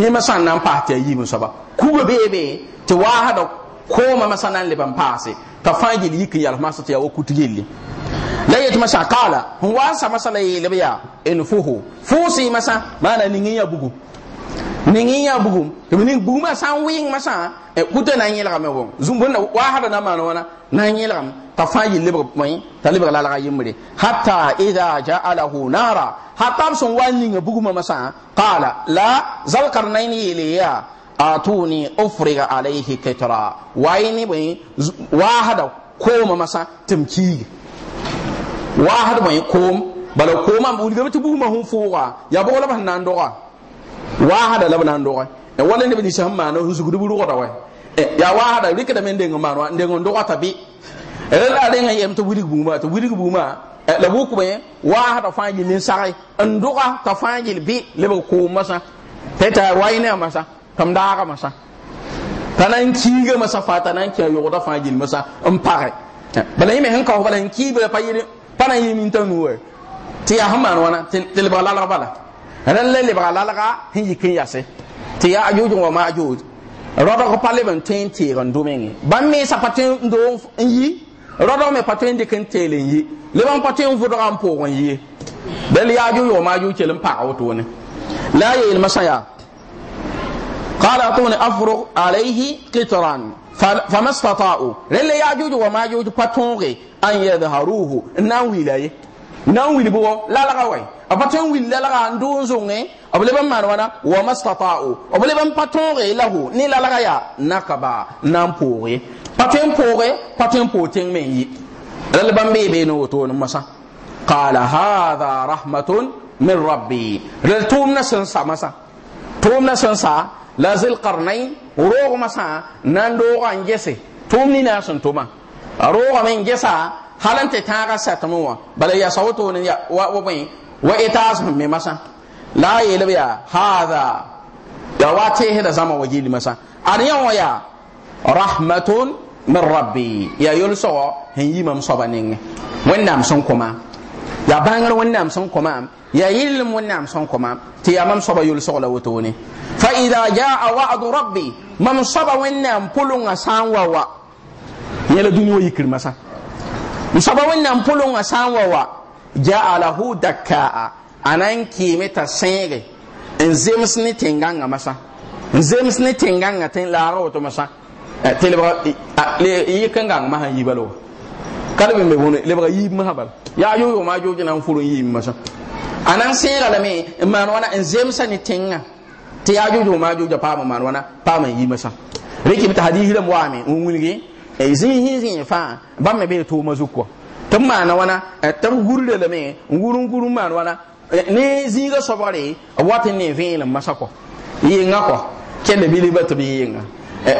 yẽ masã n na n paas tɩ yaa yiim soaba kuga beebe tɩ waasda kooma masã na n leb n paase t'a fãa gill yik n yals masã tɩ ya wa kut gilli la yet masã kaala n wa sa masã la yeelb yaa n fuhu fuusi masã maana ning n ya bugu ningin ya bugum to ning buguma san wing masa e eh, kuta na yela me bon zumbo na wa hada na mana wana na yela ta fa yi libra mai ta libra la la yimre hatta idha ja'alahu nara hatta sun wani ga buguma masa qala la zal karnaini iliya atuni ufriga alaihi kitra wayni bai wa hada koma masa timki wa hada bai kom bala koma bu ga tubu buguma hun fuwa ya bo la ban nan doga wahada la nan doga e wala ne bi sam ma no husu gudu ro da wai e ya wahada rika da men de ngama no de ngondo ta bi e la de ngai em to wiri buma to wiri buma e la bu ku be wahada fanji min sai e ndoga ta fanji bi le ko masa teta waine masa kam da ga masa tanan kiga masa fata nan kiya yo da fanji masa in pare e bala yime hanka bala kibe pa yire pana yimin tanuwe ti ya hamman wana tilbala la bala ran le lebra lalaga hin yikin yase ti ya ajuj wa majuj rodo ko pale ban tin ti ran dumenge ban mi sa patin ndo yi rodo me patin de kan tele yi le ban patin fu do ram po won yi bel ya ajuj wa majuj kelin pa wato ne la ya il masaya tuni قال أعطوني أفرغ عليه قطرا فما استطاعوا للي يعجوج وماجوج باتونغي أن يظهروه ناوي ليه nan wil bo lalaga wai apa tan wil lalaga ndun zonge abule ban man wa mastata'u abule ban patonre lahu ni lalaga ya nakaba nan pore paten pore paten poten men lalaga ban bebe no to no masa qala hadha rahmatun min rabbi lal tum na sa masa tum na sa lazil qarnain rogo masa nan do an jese tum ni na tuma rogo men halan te tãaga satame wa, bala ya sawoto ne ya wa bõe wa etaas sẽn me masã la a yeelb yaa haada ya wa da zama wa gilli masã ad yã wã yaa rahmatun min rabbi ya yʋlsgɔ yi yimam soaba nengẽ Wannan sun kuma, ya bãngr wannan sun kuma, ya yɩllem wẽnnaam sẽn kõmaam tɩ yaa mam soaba yʋlsg la wotone fa ida jaa wadu rabbi mam soaba wẽnnaam pʋlunga sã n wa wa yẽ la dũni wã yikr saba wẽnnaam pʋlʋngã sã n wa Ja alahu daka a na kime t'a sẽege n zems ni tẽngãngã masa. n zems ne tẽngãngã tɩ n laara woto masã tɩ lebg yɩk n gãng masã yiiba la wa yi leb n be bõn lebga yiib masã bala yaa yi maa joogẽ na n fʋr n yiib masã a na n sẽega lame n maan wãna n zemsa ne tẽngã tɩ yaa joogẽ maa joogã hadihi da maan wãna paam Eh, zihiri fa bam me be to mazuko tum mana wana eh, tum gurle le me ngurun gurun mana wana eh, ne ziga sobare wati ne vele masako yinga ko kende bili batu bi yinga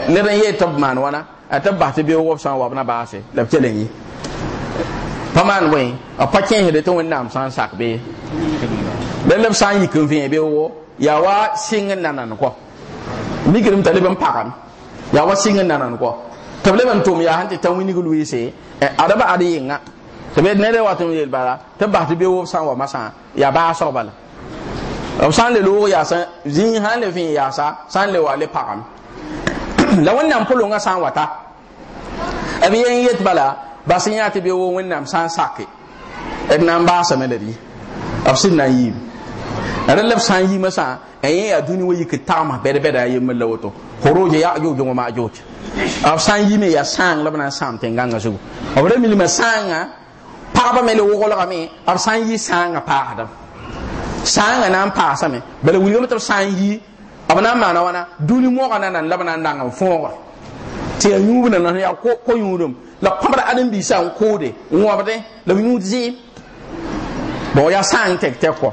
ne ran ye tab mana wana tab ba te be wo san wa na baase la kele yi paman we a pakin hede to wonnam san sak be lelem san yikin vẽ be wo yaa wa sɩng n nanan kɔ mikrim t'a leb n pagam yaa wa sɩng n nanan kɔ tɩ ban leb n tʋʋm yaa sẽn tɩ ta wingd wɩɩse eh, adba ad yɩnga tɩ b yel bala tɩ bas be wʋb wa masã yaa baasg bala b sã le loog yaasa san sã n le vẽe yaasa sã n le wa le la wẽnnaam pʋlʋngã sã n wata b yen yet bala bas n yaa be woo wẽnnaam sã sake la na ran lab san yi masa ayen eh, ya duni wayi ka tama bere bere ayi mala woto ya ajo jongo ma ajo ab san yi me ya san lab na sam tenganga su abra mil ma sanga ah, paaba mele wo gola me ab san yi sanga ah, pa adam sanga ah, nan pa same bele wuli mo tab san yi abana mana wana duni mo kana nan lab na ndanga fo ti ya yubu na ya ko ko yudum la pamra adam bi san kode ngwabde la yudu zi bo ya san tek tek ko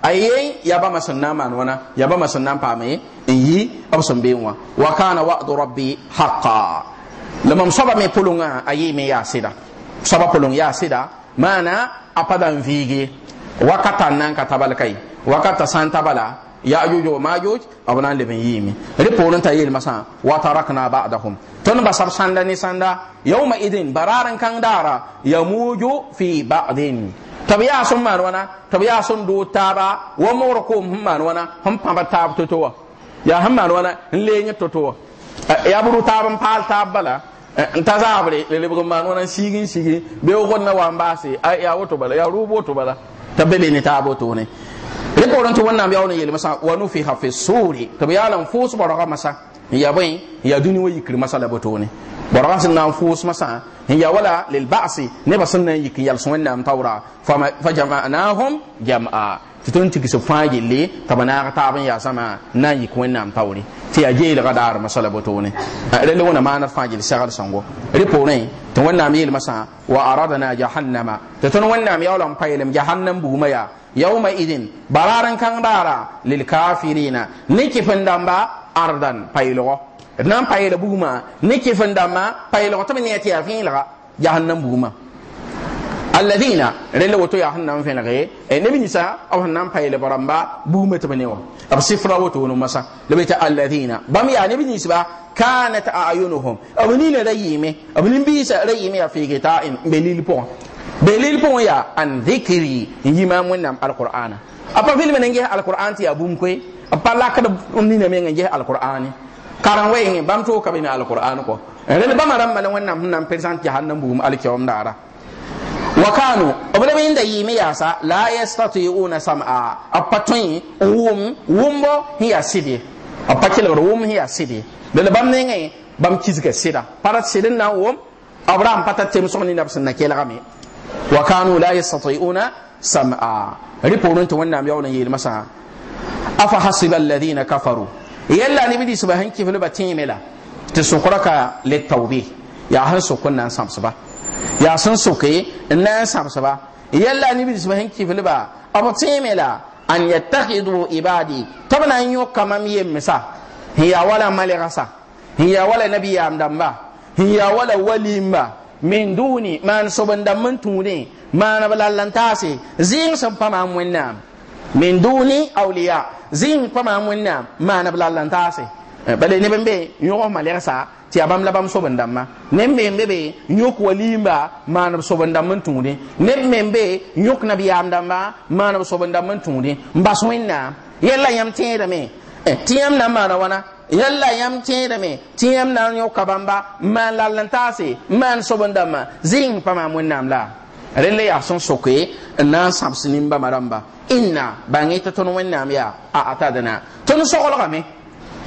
ayen ya ba masan na man wana ya ba masan na pa me yi abson be wa wa kana wa'du rabbi haqa lamam saba mai pulunga ayi mai ya sida saba pulung ya sida mana apada vige wakata nan ka tabal kai wakata san tabala ya ajuju ma ajuj abana le ben yimi reporun ta yi masa wa tarakna ba'dahum ton basar sanda ni sanda yawma idin bararan kan dara yamuju fi ba'din Tabi yaa sẽn maan wãna tɩb yaa sẽn taaba wa moogr ko sẽn maan wãna sẽn pãba taab to-to wã yaa sẽn maan wãna n leeg yẽ to-to ya buru bʋ taab n paal eh, ta zaabre la le n maan wãna n siig be sigi na wa n baase ya woto bala ya rubo to bala t'a be be ne taab wotone rẽ pʋgr n tɩ wẽnnaam yaool n yeelmã wa nu fi suuri tɩ b yaa la n fʋʋs masa? ya bõe ya dũni wa yikr masala botone barga na n fʋʋs ya wala lilba'se nebã sẽn na n yik n yals wẽnnaam fa jama'nahum yaa zãma n na n yik masala botone wa jahannama jahannam idin bararan kan bara lil kafirina damba ardan paylgo d na n payla buuma ne kefen n dãmba paylgo tɩ b ne a tɩ yaa vẽelga jahannam buuma alladina rẽla woto yaa sẽn na n vẽlge neb ninsã b sẽn na n paylb rãmba buuma tɩ b ne wã b sɩfra woto wʋn masã la be tɩ alladina bãmb yaa neb ninsba kanat ayunuhum b nina ra yɩɩme b nin-biisã ra yɩɩme yaa fɩɩge t'a n be lil pʋgẽ be lil pʋgẽ yaa an dhikri n yĩma wẽnnaam alqur'ana a pa filme nan ge alquran ti abum koy a pa la ka ni ne men ge alquran karan ngi ban to ka bin alquran ko rel eh, ba maram malan wannan nan percent hannan bum alkiyam dara wa kanu obla min da yimi sa la yastati'una sam'a apatun wum wumbo hiya sidi apakil wum hi asidi da bam ne ngi bam kizga sida parat sidin na wum abraham patat tem sonni nafsin na kelgame wa kanu la yastati'una sam'a riporun ta wannan yawon yi masa afa hasiba alladhina kafaru yalla ni bidi subahan kifil batin mela ta sukura ka le tawbi ya han sukun nan ba, ya san suke nan samsaba yalla ni bidi subahan kifil ba abu tin mela an yattakhidu ibadi tabna an yo kamam misa, hiya wala malikasa hiya wala nabiyam damba hiya wala walimba min duni man so dam man tuni maana b lall n taase zɩɩng pa ma wẽnnaam min duni awliya zin pa maan wẽnnaam maana eh, b ne n taase bala neb n be yõgs malgsa tɩ ya bãmb la bãmb sobn dãmbã neb be be yõk wa liimba maan b sobn dãmb n tũude neb me n be yõk nabiyaam dãmbã maan b sobn dãmb n tũude n bas wẽnnaam yɛlla Eh, tɩ yãmb na n maana wãna yalla yãmb tẽedame tɩ yãmb na n yõka bãmba n maan lall n taase n maan sob n la rẽ la yaa sẽn soke n na n sãbs nimbãmbã rãmba ĩnna bãng tɩ tõnd wẽnnaam yaa a atadna tõnd soglgame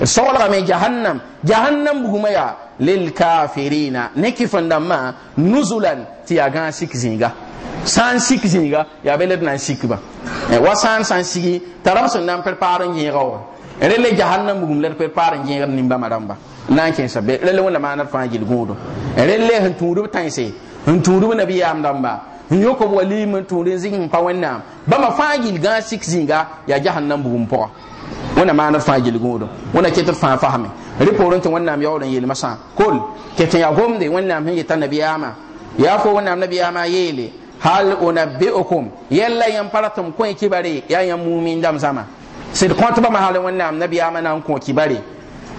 soglgame jahannam jahannam bugumã yaa lilkafirina ne kɩfen dãmbã nuzulan tɩ yaa gãag sik zĩiga sã n sik zĩiga yaa be led na n sikba eh, wa sã n sã n sigi t'a rab sẽn na n rele jahannam gum ler pe par ngi ni bama ramba nan ke sabe rele wala manar fa gil gudo rele han tuuru tan se han tuuru nabi am damba yoko wali mun tuuru zin pa wanna bama fa gil ga six zinga ya jahannam gum po wana manar fa gil gudo wana ke ta fa fahame ta tan wannan ya wurin yel masa kul ke ta ya gomde wannan hin ta nabi ama ya ko wannan nabi ama yele hal unabbiukum yalla yan paratum ko kibare ya yan mumin dam sama sɩd kõ tɩ bãmb hal wẽnnaam nabiyaamã na n kõ kibare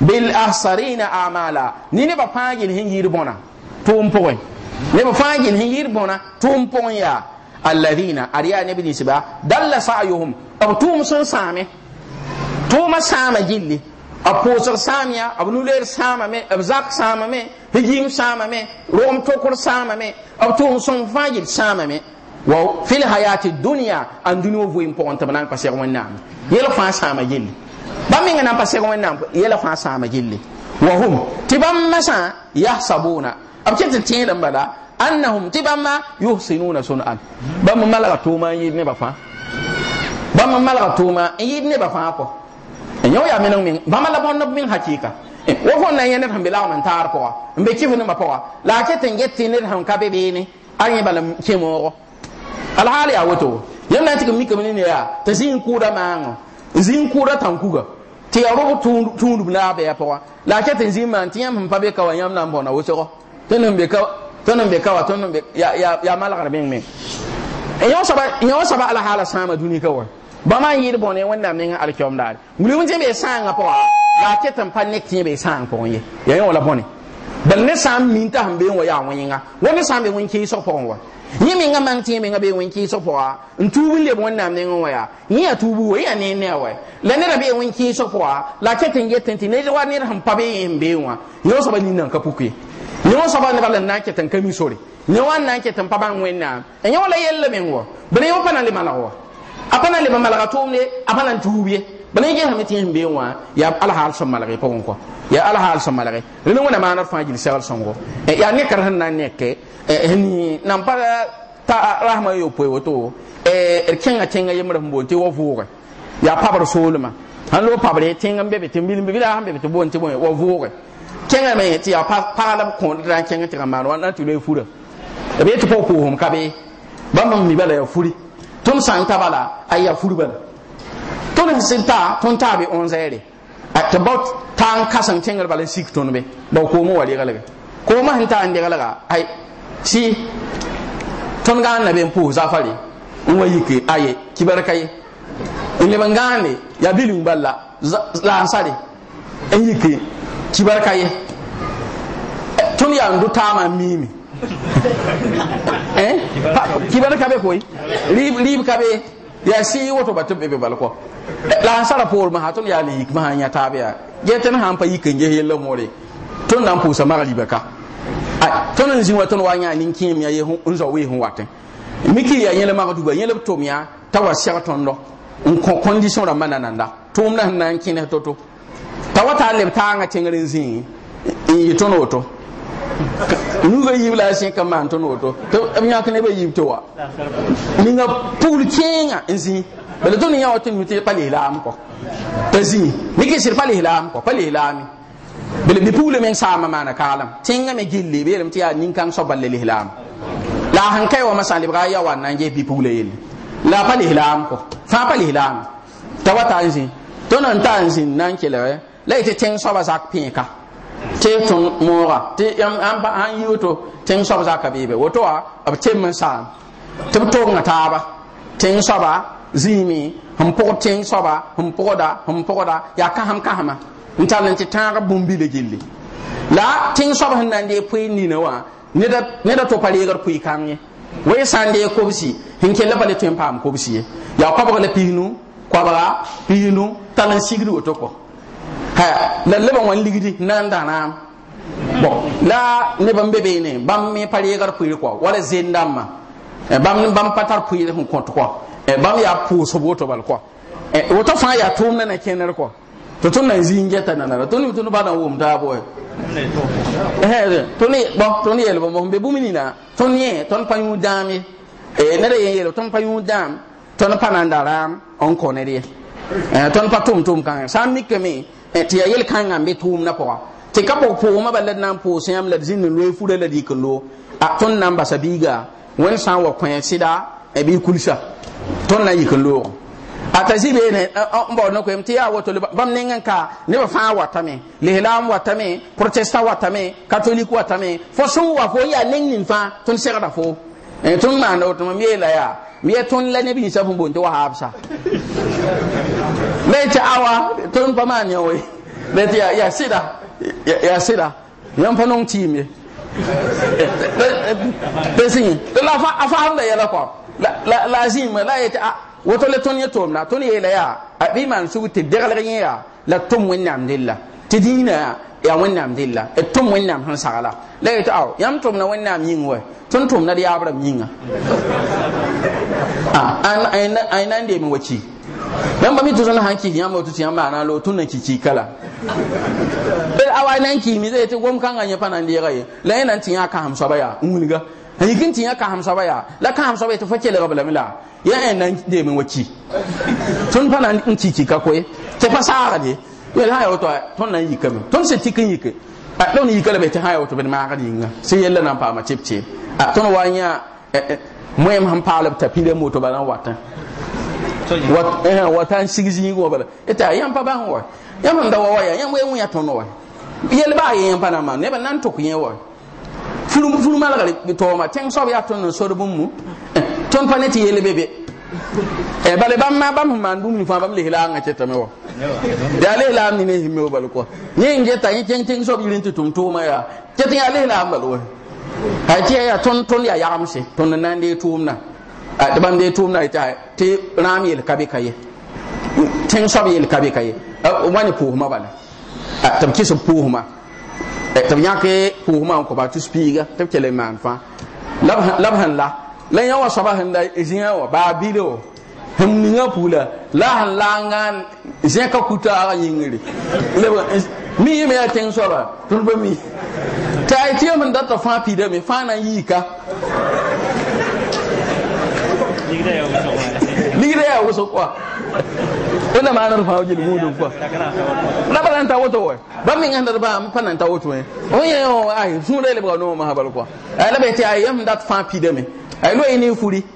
bel ahsarina amala ni nebã fãa yel n yɩɩr bõna tʋʋm pʋgẽ nebã fãa yel sẽn yɩɩr bõna tʋʋm pʋgẽ yaa alladina ad yaa neb ninsba dalla sa'yuhum b tʋʋm sẽn sãame tʋʋmã sãama gilli b pʋʋsg sãam ya b nuleer sãamame b zak sãamame higiim sãamame rogem tokr sãamame b tʋʋm sõng fãa yel sãamame wa fil hayati dunya an dunyo vuin pon tabana nan passer wannam yela fa sama gilli bam min nan passer wannam yela fa sama gilli wa hum tibam masa yahsabuna am kin tin dan bala annahum ban ma sun yuhsinuna sun'an bam malaka n yi ne ba fa bam malaka n yi ne ba fa ko e yau ya minang min bam la bon min hakika e, wa fon nan yana tambe la man n bɛ mbe kifin ma ko la ke tin get tin ne han ka bebe ne an yi balam kemo alhaali ya wato yam na tɩ m ne ya t'a zĩig kʋʋda maangẽ zĩig kʋʋda tãn kuga tɩ yaa rog tũudb naab yaa pʋgã la a ket n zĩig maan tɩ yãmb sẽn pa be ka wa yãmb na n bõna wʋsgɔ be ka tõnd n be ka wa tõnd n be yaa malgr mengme yã wa e soaba alhaala sãama dũni ka wa bãmb n yɩɩd bõne wẽnnaam ning alkɛoomdaare wilg tẽ be sãangã pʋga la a ket n pa be sãang pʋgẽ ye yaa yẽ wala bõne bal ne sã min t'a ne sã n be wẽn wa yẽ menga mang tẽeg menga bee wẽn-kɩɩsg pʋga n tuub n leb wẽnnaam nengẽ wã yaa yẽ yaa tuubu wo yaa neen ne a wɛ la neda bee wẽn-kɩɩsg pʋga la a ket n get n tɩ ned wa ned sẽn pa bee yẽ n bee wã yõ-soabã nina n ka puke yõ-soabã nebã la n na n ket n ka mi-sore ne wa n na n ket n pa bãng wẽnnaam e n yẽ wã la yell meng wa bala yẽ wã pa na le malg wa a pa e na leb n malga tʋʋmde a pa na n tuub ye bala yẽ gesame tɩ yẽ sẽn bee wã yaa alhaal sẽn malge pʋgẽ kɔ yaa alhaal sẽn malge rẽnd wẽna maanr fãa gil segl sõngo yaa nekr sẽn na n neke Eh, eh, ni nan pa ta rahma yo poe woto e kenga tenga yemra ti wo vuga ya pa pabar solma han lo pa pabre tenga mbebe timbil mbibila han be to bonti bo wo vuga kenga me ti ya pa pa la ko dran kenga ti kamar wan ti le fura e be ti po popo hom kabe bamam mi bala ya furi tum san ay ya furi bala to e le sinta ton tabe onzere at about tan kasan tenga bala sik ton be ba ko mo wali galaga ko ma han ta ande galaga ay si tõnd gãan la be n pʋʋs zafã re n wa yiki aye kibarka ye n leb n gãande yaa bilum balla laasare ki yiki ton ya ndu ta ma do taamã miime eh? kibarka be koy lib ka be ya si woto ba be be bal kɔ laasara ma ha tõnd yaa le yik masã nya taab yaa gẽ tẽnd pa yik n ges yella moore tõnd na n pʋʋsa ka tõnd n zĩ wa tõnd wa yãa nin-kẽem ya ye n zao weesẽ watẽ mikir yaa yẽl magduba yẽlb tʋm yaa t'a wa sɛg tõndɔ n kõ condition rãmbã nananda tʋʋmda sẽn na n kẽnes to-to t'a wa taa leb taangã tẽngr n zĩi n yɩ tõnd woto nuga yib la sẽn ka maan tõnd woto tɩ b yãk nebã yib tɩ wa ninga pugl kẽengã n zĩ bala tõnd yã wa tɩ nu tɩ pa lislaam kɔ t'a zĩ mikɩ sɩd pa lislaam kɔ pa lislaame bele bi pule men sama mana kalam tinga me gilli be lem tiya nin kan sobal le ihlam la han kai wa masali bra ya wan nan je bi pule yel la pal ihlam ko fa pal ihlam tawata anzi to nan ta anzi nan kele la ite tin soba zak pinka te tun mora te am am ba han yuto tin soba zak bibe woto a ab tin men sam te to ngata ba tin soba zimi hum poktin soba hum poda hum poda ya kaham n tar n tɩ tãag bũmb bile gilli la tẽng soab sẽn na n dee poe nina wã neda to pa reegr pʋɩ kãng ye wa y sã n dee kobsi sẽn kell pa le tõe n paam kobsi ye yaa kobg la pisnu kobga pisnu tar n sigd woto kɔ la leba wã n ligdi n na n da raam la neba n be beene bãmb me pa reegr pʋɩr kɔ wala zen dãmbã eh, bãmb bãmb pa tar pʋɩr sẽn kõt kɔ eh, bãmb yaa pʋʋsb woto bal kɔ woto eh, fãa yaa tʋʋmdã na kẽner kɔ to tun na n zĩig gɛta nanara tõnd tõnd bãna e. n wʋm taab wɛ tõnd bõ tõnd yeelb mos n be bũmb nina tõnd yẽ e, tõnd pa yũu dãam ye e, ned a yen yeelb tõnd pa yũu dãam tõnd pa na n da raam n kõ ned ye tõnd pa tʋm-tʋʋm kãngẽ sã n mi tɩ yaa yel-kãngã n be tʋʋmdã pʋga tɩ ka pʋg pʋʋmã bala d na n pʋʋs yãmb la d zĩnd n loe fura la dɩk n loo tõnd na n basa biiga wẽnd sã n wa kõ sɩda bɩ kulsa tõnd na yi yik n ata zĩ beene n baood na koem tɩ yaa ba bãmb ning n ka neb fãa watame lislaam watame protesta watame katolik watame fo wa fo yaa neng nin fãa tõnd segda fo tõnd yaa ya tõnd la neb ninsã fõn boon tɩ wahaabsa ne tɩ awa tõnd pa maan yã la tɩ yaa sɩda yaa sɩda yãmb pa nong tɩɩm ye tɩ sẽn tɩ a fa sẽn da yɛla kɔ la a zĩime la woto la tõnd yẽ toomda tõnd yeela ya a bɩ maan sug tɩ deglg yẽ yaa la tʋm wẽnnaam della tɩ dĩinã yaa wẽnnaam della d tʋm wẽnnaam sẽn sagla la yetɩ ao yãmb tʋmda wẽnnaam yĩng wɛ tõnd tʋmda d yaab rãmb yĩnga ãn na n deem n wa ki an mi tɩ de sãn kɩs yãmb woto tɩ yãmb maana n loog tõnd na ki kika la d a wa na n kiime za yetɩ gom-kãngã yẽ pa na n deega ye la yẽ na n tɩ yã a kãsem soaba yaa n yikin tɩ yã kãsem soaba yaa la kãsem soaba tɩ fo kelg la yã ẽ na n deeme wa ki tõnd pa na n ki kika koe tɩ pa saagde e, e yel sã ya woto tõnd na n yikame tõnd sẽn tɩk n yike tõnd yika la be tɩ sã ya woto bd maagd yĩnga sẽn yella na n paama tɩb tɩ tõnd wa yã moɛm sẽn paal b tapira moto bala n watã eh, watan sig zĩig wã bala tɩ yãmb pa bãng wa yãmb n da wa wa ya yãmb yẽ wẽ tõnd wa yel baa yẽ yẽ pa na n maan neb n na n tʋk wa furum furum malgare tooma tẽng soab yaa tõnd n sod bũmbu pa ne tɩ yel bebe bale bãmb ma bãmb sẽn maan bũmb nin fãa bãmb leslaangã me wa yaa leslaam nine sẽn meo bal kɔa yẽ n geta yẽ kẽng tẽng soab yir n tɩ tʋm tʋʋmã yaa ket yaa leslaam bal a tɩ yaa tõnd tõnd yaa yagemse tõnd n na n dee tʋʋmdã tɩ bãmb dee tʋʋmdã yetɩ tɩ rãam yel ka be ka yel ka be ka ye wa ne pʋʋsma bala tɩ b tɩ b yãk pʋʋsmã n kɔba tɩ spiiga tɩ b kell n maan fãa la b sẽn la la yã wã soaba sẽn da zĩã wã baa bile sẽn ningã pula la sẽn laanga zẽka kutaaga yĩngre mi yẽ me yaa tẽng soaba tʋlba mi tɩ a e tɩ yam n data fãa pidame fãa na yiika ligda yaa wʋsg wa ina na anar na ba nan ta woto wai ban min andar ba am panan ta woto wai on ya a ai sun dai le ba no la dat fa pi me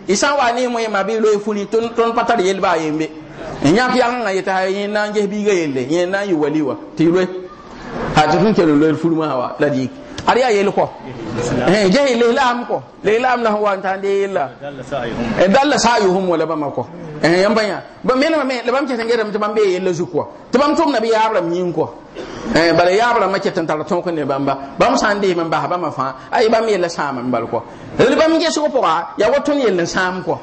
isan wa ni mo ma bi lo furi ton ton yel ba yembe nya ki an na yeta yin nan je bi yi waliwa ha furi la jehi lihilam ko lihilam la wa tan de la e eh, dalla sa'yuhum wala ba mako eh yamba ba mena me la bam ke tangere mi be yella zu ko to bam tum nabi yabram mi ko eh bala yabram ma ke tan tar ton ko ne bamba bam san de man ba ba ma fa ai bam yella sa man bal ko le bam ke su ko ya wotun yella sam ko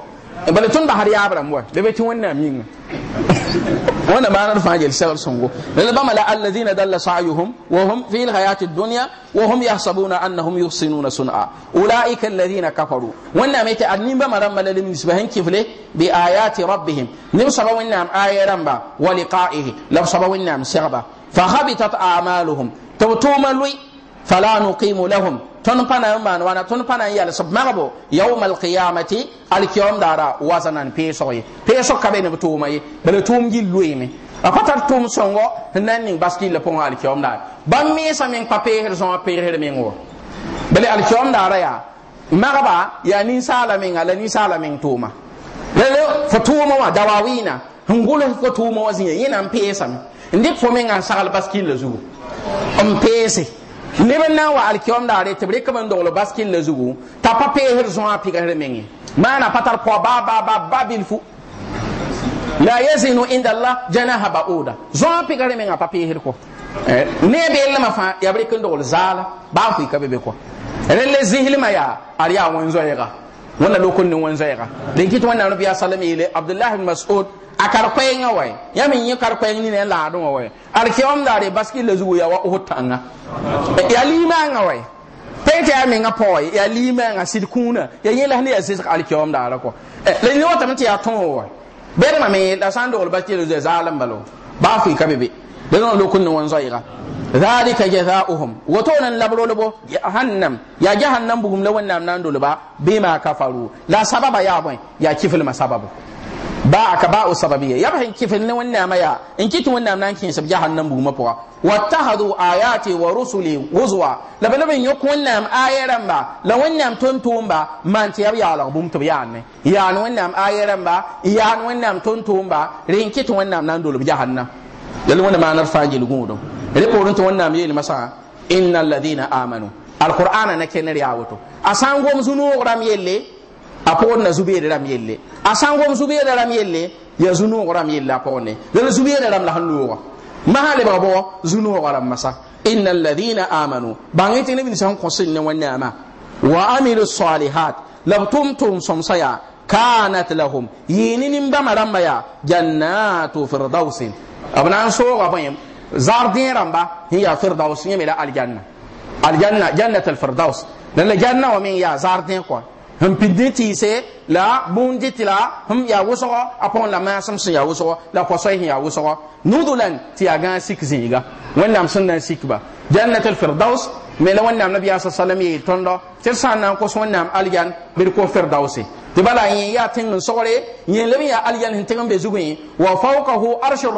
eh, bala tun ba har yabram mo le be tun wannan mi. wanda ma ran fajil sabar sungu lalla bama la alladhina dalla sa'yuhum wa hum fi alhayati ad-dunya wa hum yahsabuna annahum yuhsinuna sun'a ulaika alladhina kafaru wanda mai ta annin bama ran malal min sibahin kifle bi ayati rabbihim nim sabawin nam ayaran ba wa liqa'ihi la sabawin nam sirba fa habitat a'maluhum tawtuma lui fala nuqimu lahum ton pana man wana ton pana yal sab magbo yawm al qiyamati al qiyam dara wasanan peso ye peso kabe ne tuma ye bele tum gi luime a patar tum songo nan ning baski le pon al qiyam dara mi sa min pape her son pape min wo bele al qiyam dara ya magba ya ni sala min ala ni sala min tuma bele fatuma dawawina hungule fatuma wa zinya yinan pesa min baski pese neb n na n wa alkiom daare tɩ b rɩk b n dogl baskɩllã zugu t'a pa peesd zõa pɩgsd menge maana pa tar pao baa baa baa ba bilfu la yazinu inda allah janaha ba'uda zõa pɩgsd meng a pa peesd kɔ eh, ne b yellmã fãa yaa b rɩk n dogl zaala baag tɩ ka be be kɔ rẽ le zislmã yaa ad yaa wẽn-zoɛɛga wannan lokon wani zai ga den kitu wannan rabbi sallallahu alaihi abdullah ibn mas'ud a kwayen wa ya min yi kar ni ne la adon wa ar da re baski le zuwa ya wa hutanga ya lima nga wa pete ya min apo ya lima nga sid kuna ya yi la ya sis al kiyom da ra ko eh, le ni wata mti ya ton wa bere ma me da sando baski le zuwa zalam balo ba fi kabibi den lokon wani zai ga zalika jazaohum woto nan labro lobo jahannam ya jahannam bugum la wannan nan dole dolba bima kafaru la sababa ya boy ya kifil ma sababu ba aka ba sababiyya ya bahin kifil ne wannan ma ya in kitu wannan nan kin sab jahannam bugum fa wattahadu ayati wa rusuli wuzwa la bala bin yok wannan ayaran ba la wannan tuntun ba man tiyab ya la bum to ya ne ya wannan ayaran ba ya wannan tuntun ba rin kitu wannan nan dole jahannam yalla wannan ma nar fajil gudum re ɓorin tɩ wẽnnaam yeelmã sãnga inna ladina amanu alqur'ana na kẽner yaa woto a sã n gom zu-noog rãmb yelle a na zubi beere rãmb yelle a sã n gom zu-beera rãmb yelle yaa zu-noog rãmb yelle a pʋgdne lala zu-beera rãmb la sẽn loogã masã babo bʋgɔ zu-noogã rãmbã sa inna ladina amanu bãng tɩ neb ninsã sẽn kõsd ne wẽnnaamã wa amilu salihat la b tʋm tʋʋm sõmsa yaa kanat lahum yɩɩ ne nimbãmbã rãmbã yaa jannatu firdausin b na n sooga zar din ramba hiya firdaus yemi la aljanna aljanna jannat alfirdaus janna wa min ya la la la nudulan sik ba jannat alfirdaus me la wannan nabi sallallahu alaihi wasallam yi tondo ti sanan aljan bala aljan be wa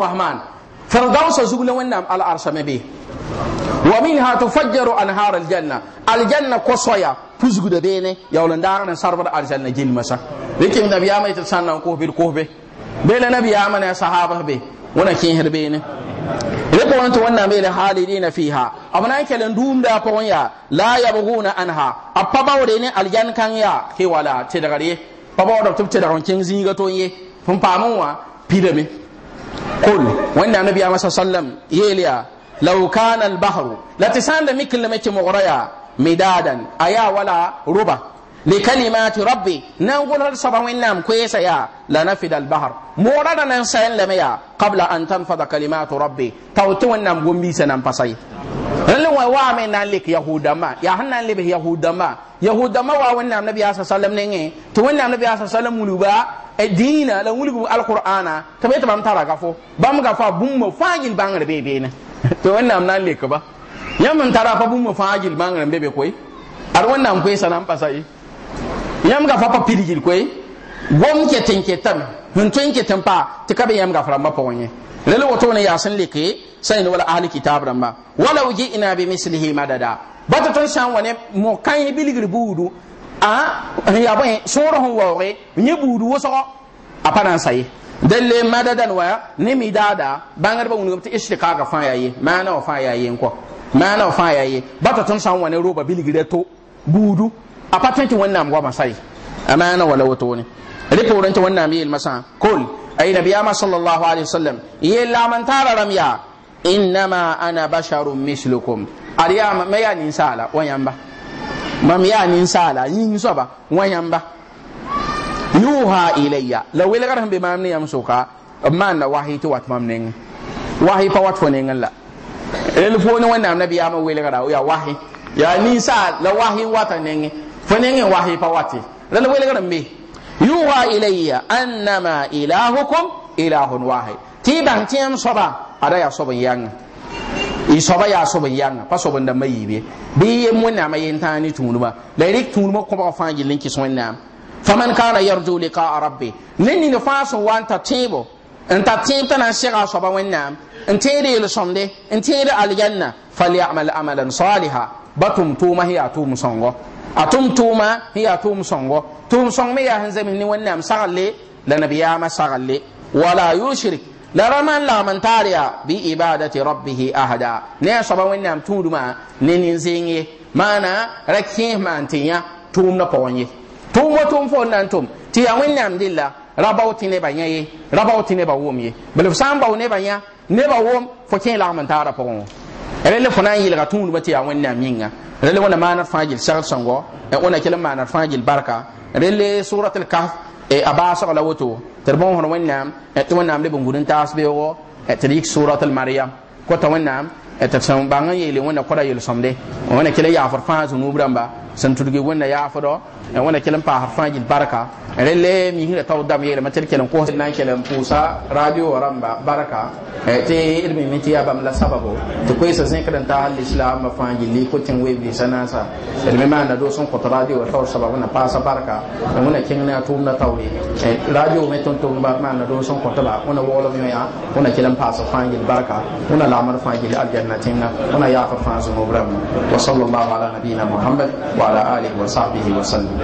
rahman فردوس زبل وندم على عرش مبي ومنها تفجر انهار الجنه الجنه كوسويا فزغد بيني يولن دارن سربر الجنه جيل مسا لكن نبي ياما يتسنن كوه بالكوه بين نبي ياما يا صحابه بي ونا كين هر بيني rẽpa wẽn tɩ wẽnnaam yeele halidina fiiha b na n kell n duumda pʋgẽ yaa la yabguna anha a pa baoode ne algan kãng yaa kɩ wala tɩdgr ye pa baooda b tɩ b tɩdg n kẽng zĩiga tõnd ye fn paam n wã pidame قل وإن النبي صلى الله عليه وسلم يليا لو كان البحر لتسان مكلمة مغريا مدادا أيا ولا ربا li kalimati rabbi nan gulal saba wẽnnaam koeesa yaa la fidal bahar, moora da nan sayan lame yaa qabla an tanfada kalimatu rabbi t'a tɩ wẽnnaam gom-biisã nan pa sa ye rẽ le wã waame n na n lek yahud dãmbã yaa sẽn na n lebs yahud dãmbã yahud dãmbã wa wẽnnaam nabiyaa sa salm nengẽ tɩ wẽnnaam nabiyaa sa salm wilgba diinã la wilg alqur'ana tɩ b yetɩ bãmb tara gafo bãmb gafa bũmba fãa yil bãngr bee beene tɩ wẽnnaam na n lekba yãmb n tara pa bũmba fãa yil bãngr n be be koe ad wẽnnaam koeesa na n pa sa ye yãmga fa pa pilgr koe gom ket n ketame sẽn tõe n ket n pa tɩ ka be yãmga f rãmbã pʋgẽ yẽ rel woto ne yaa sẽn leke sã yẽnd wala ahli kitaab rãmba walaw ji'na mislihi madada bata tõnd sã n wa ne mo-kãyẽ bilgr buudu a n ya bõe sõor sẽn waooge yẽ buud wʋsgɔ a pa nan n sa ye delle madadan wa ne mi daada bãngdbã wingame tɩ istikaaga fãa yaa ye maana wã fãa yaa ye n kɔ maana wã fãa yaa ye bata tõnd sã n wa ne roba bilgra to buudu a pa tõe tɩ wẽnnaam goamã sa ye amaana wala wotone rẽ poorẽ tɩ wẽnnaam yeelmã sã kol ay nabiyaamã sallallahu alaihi wasallam yeellaam n taara rãmb yaa innama ana basharun mislukum ad yaa ma yaa ninsaala wa yãmba mam yaa ninsaala yĩng soaba wa yãmba yuha ilayya la welgr sẽn be maam ne yãmb soka b maanda wasy tɩ wat mam nengẽ wasy pa wat fo nengẽ la rel foone wẽnnaam nabiyaamã welgra ya wasy yaa ninsaal la wasy wata nengẽ فنيني واهي فواتي لا لا ويلي غرمي يوها إلي أنما إلهكم إله واحد تيبان تيم صبا أدا يا صبا يان يصبا يا صبا يان فصبا ندم يبي بي مونا ما ينتاني تونما لا يريك تونما كما فانجي لنكي سوين نام فمن كان يرجو لقاء ربي نيني نفاس وانتا تيبو ان تاتين تنا سيغا صبا وينام ان تيري لسوندي ان تيري الجنة فليعمل عملا صالحا باتوم توما هي اتوم سونغو اتوم توما هي اتوم سونغو توم سونغ مي ياهن زمين وينام سغلي لنبي ياما سغلي ولا يشرك لرما لا من تاريا بإبادة ربه أهدا نيا صبا وينام تودما نينين زيني مانا ركيه ما انتيا توم نقوانيه توم وتوم فون انتم تيا وينام دي الله rabao tɩ ba yã ye rabao tɩ ba wʋm ye bl f sã n bao nebã yã nebã wʋm fo kẽ lagm n taara pʋgẽ wã rel fo na yi yɩlga tũudbã tɩ yaa wẽnnaam yĩnga rel wẽna maanad fãa gil segd sõngo wẽna kell n maanad fãa gil barka rel surat lkaf eh, a baasg la woto tɩ d bõosr wẽnnaam tɩ wẽnnaam leb n gũd n taas beoogo tɩ d yik surat lmariam kota wẽnnaam tɩ d sẽn bãng n yeele wẽna koda yel-sõmde wẽna kell n yaafr fãa zunub sẽn tudgi wẽnna yaafdɔ wẽnna kell n paasd fãa gil barka rẽlle miisrã tao dam yeelame tɩ d kell n kos na n kell n pʋʋsa radio wã rãmba barka tɩ d mime tɩ yaa bãmb la sababo tɩ koeesa zẽkd n taag lislaambã fãa gilli kotẽ weeb ninsã naasa d me do sẽn kõt radio wã na sabab wẽnna paasa barka wẽnna na ne a tʋʋmdã taoore radio me tõnd-tʋʋmdã maanda do sẽn kõtba wẽnna waoolb yõa wẽnna kell n paasd fãa gil barka wẽnna laamd fãa gil aljanna tẽngã wẽnna yaafd fãa zũnub wa sal ala nabiina mohamad wa وعلى آله وصحبه وسلم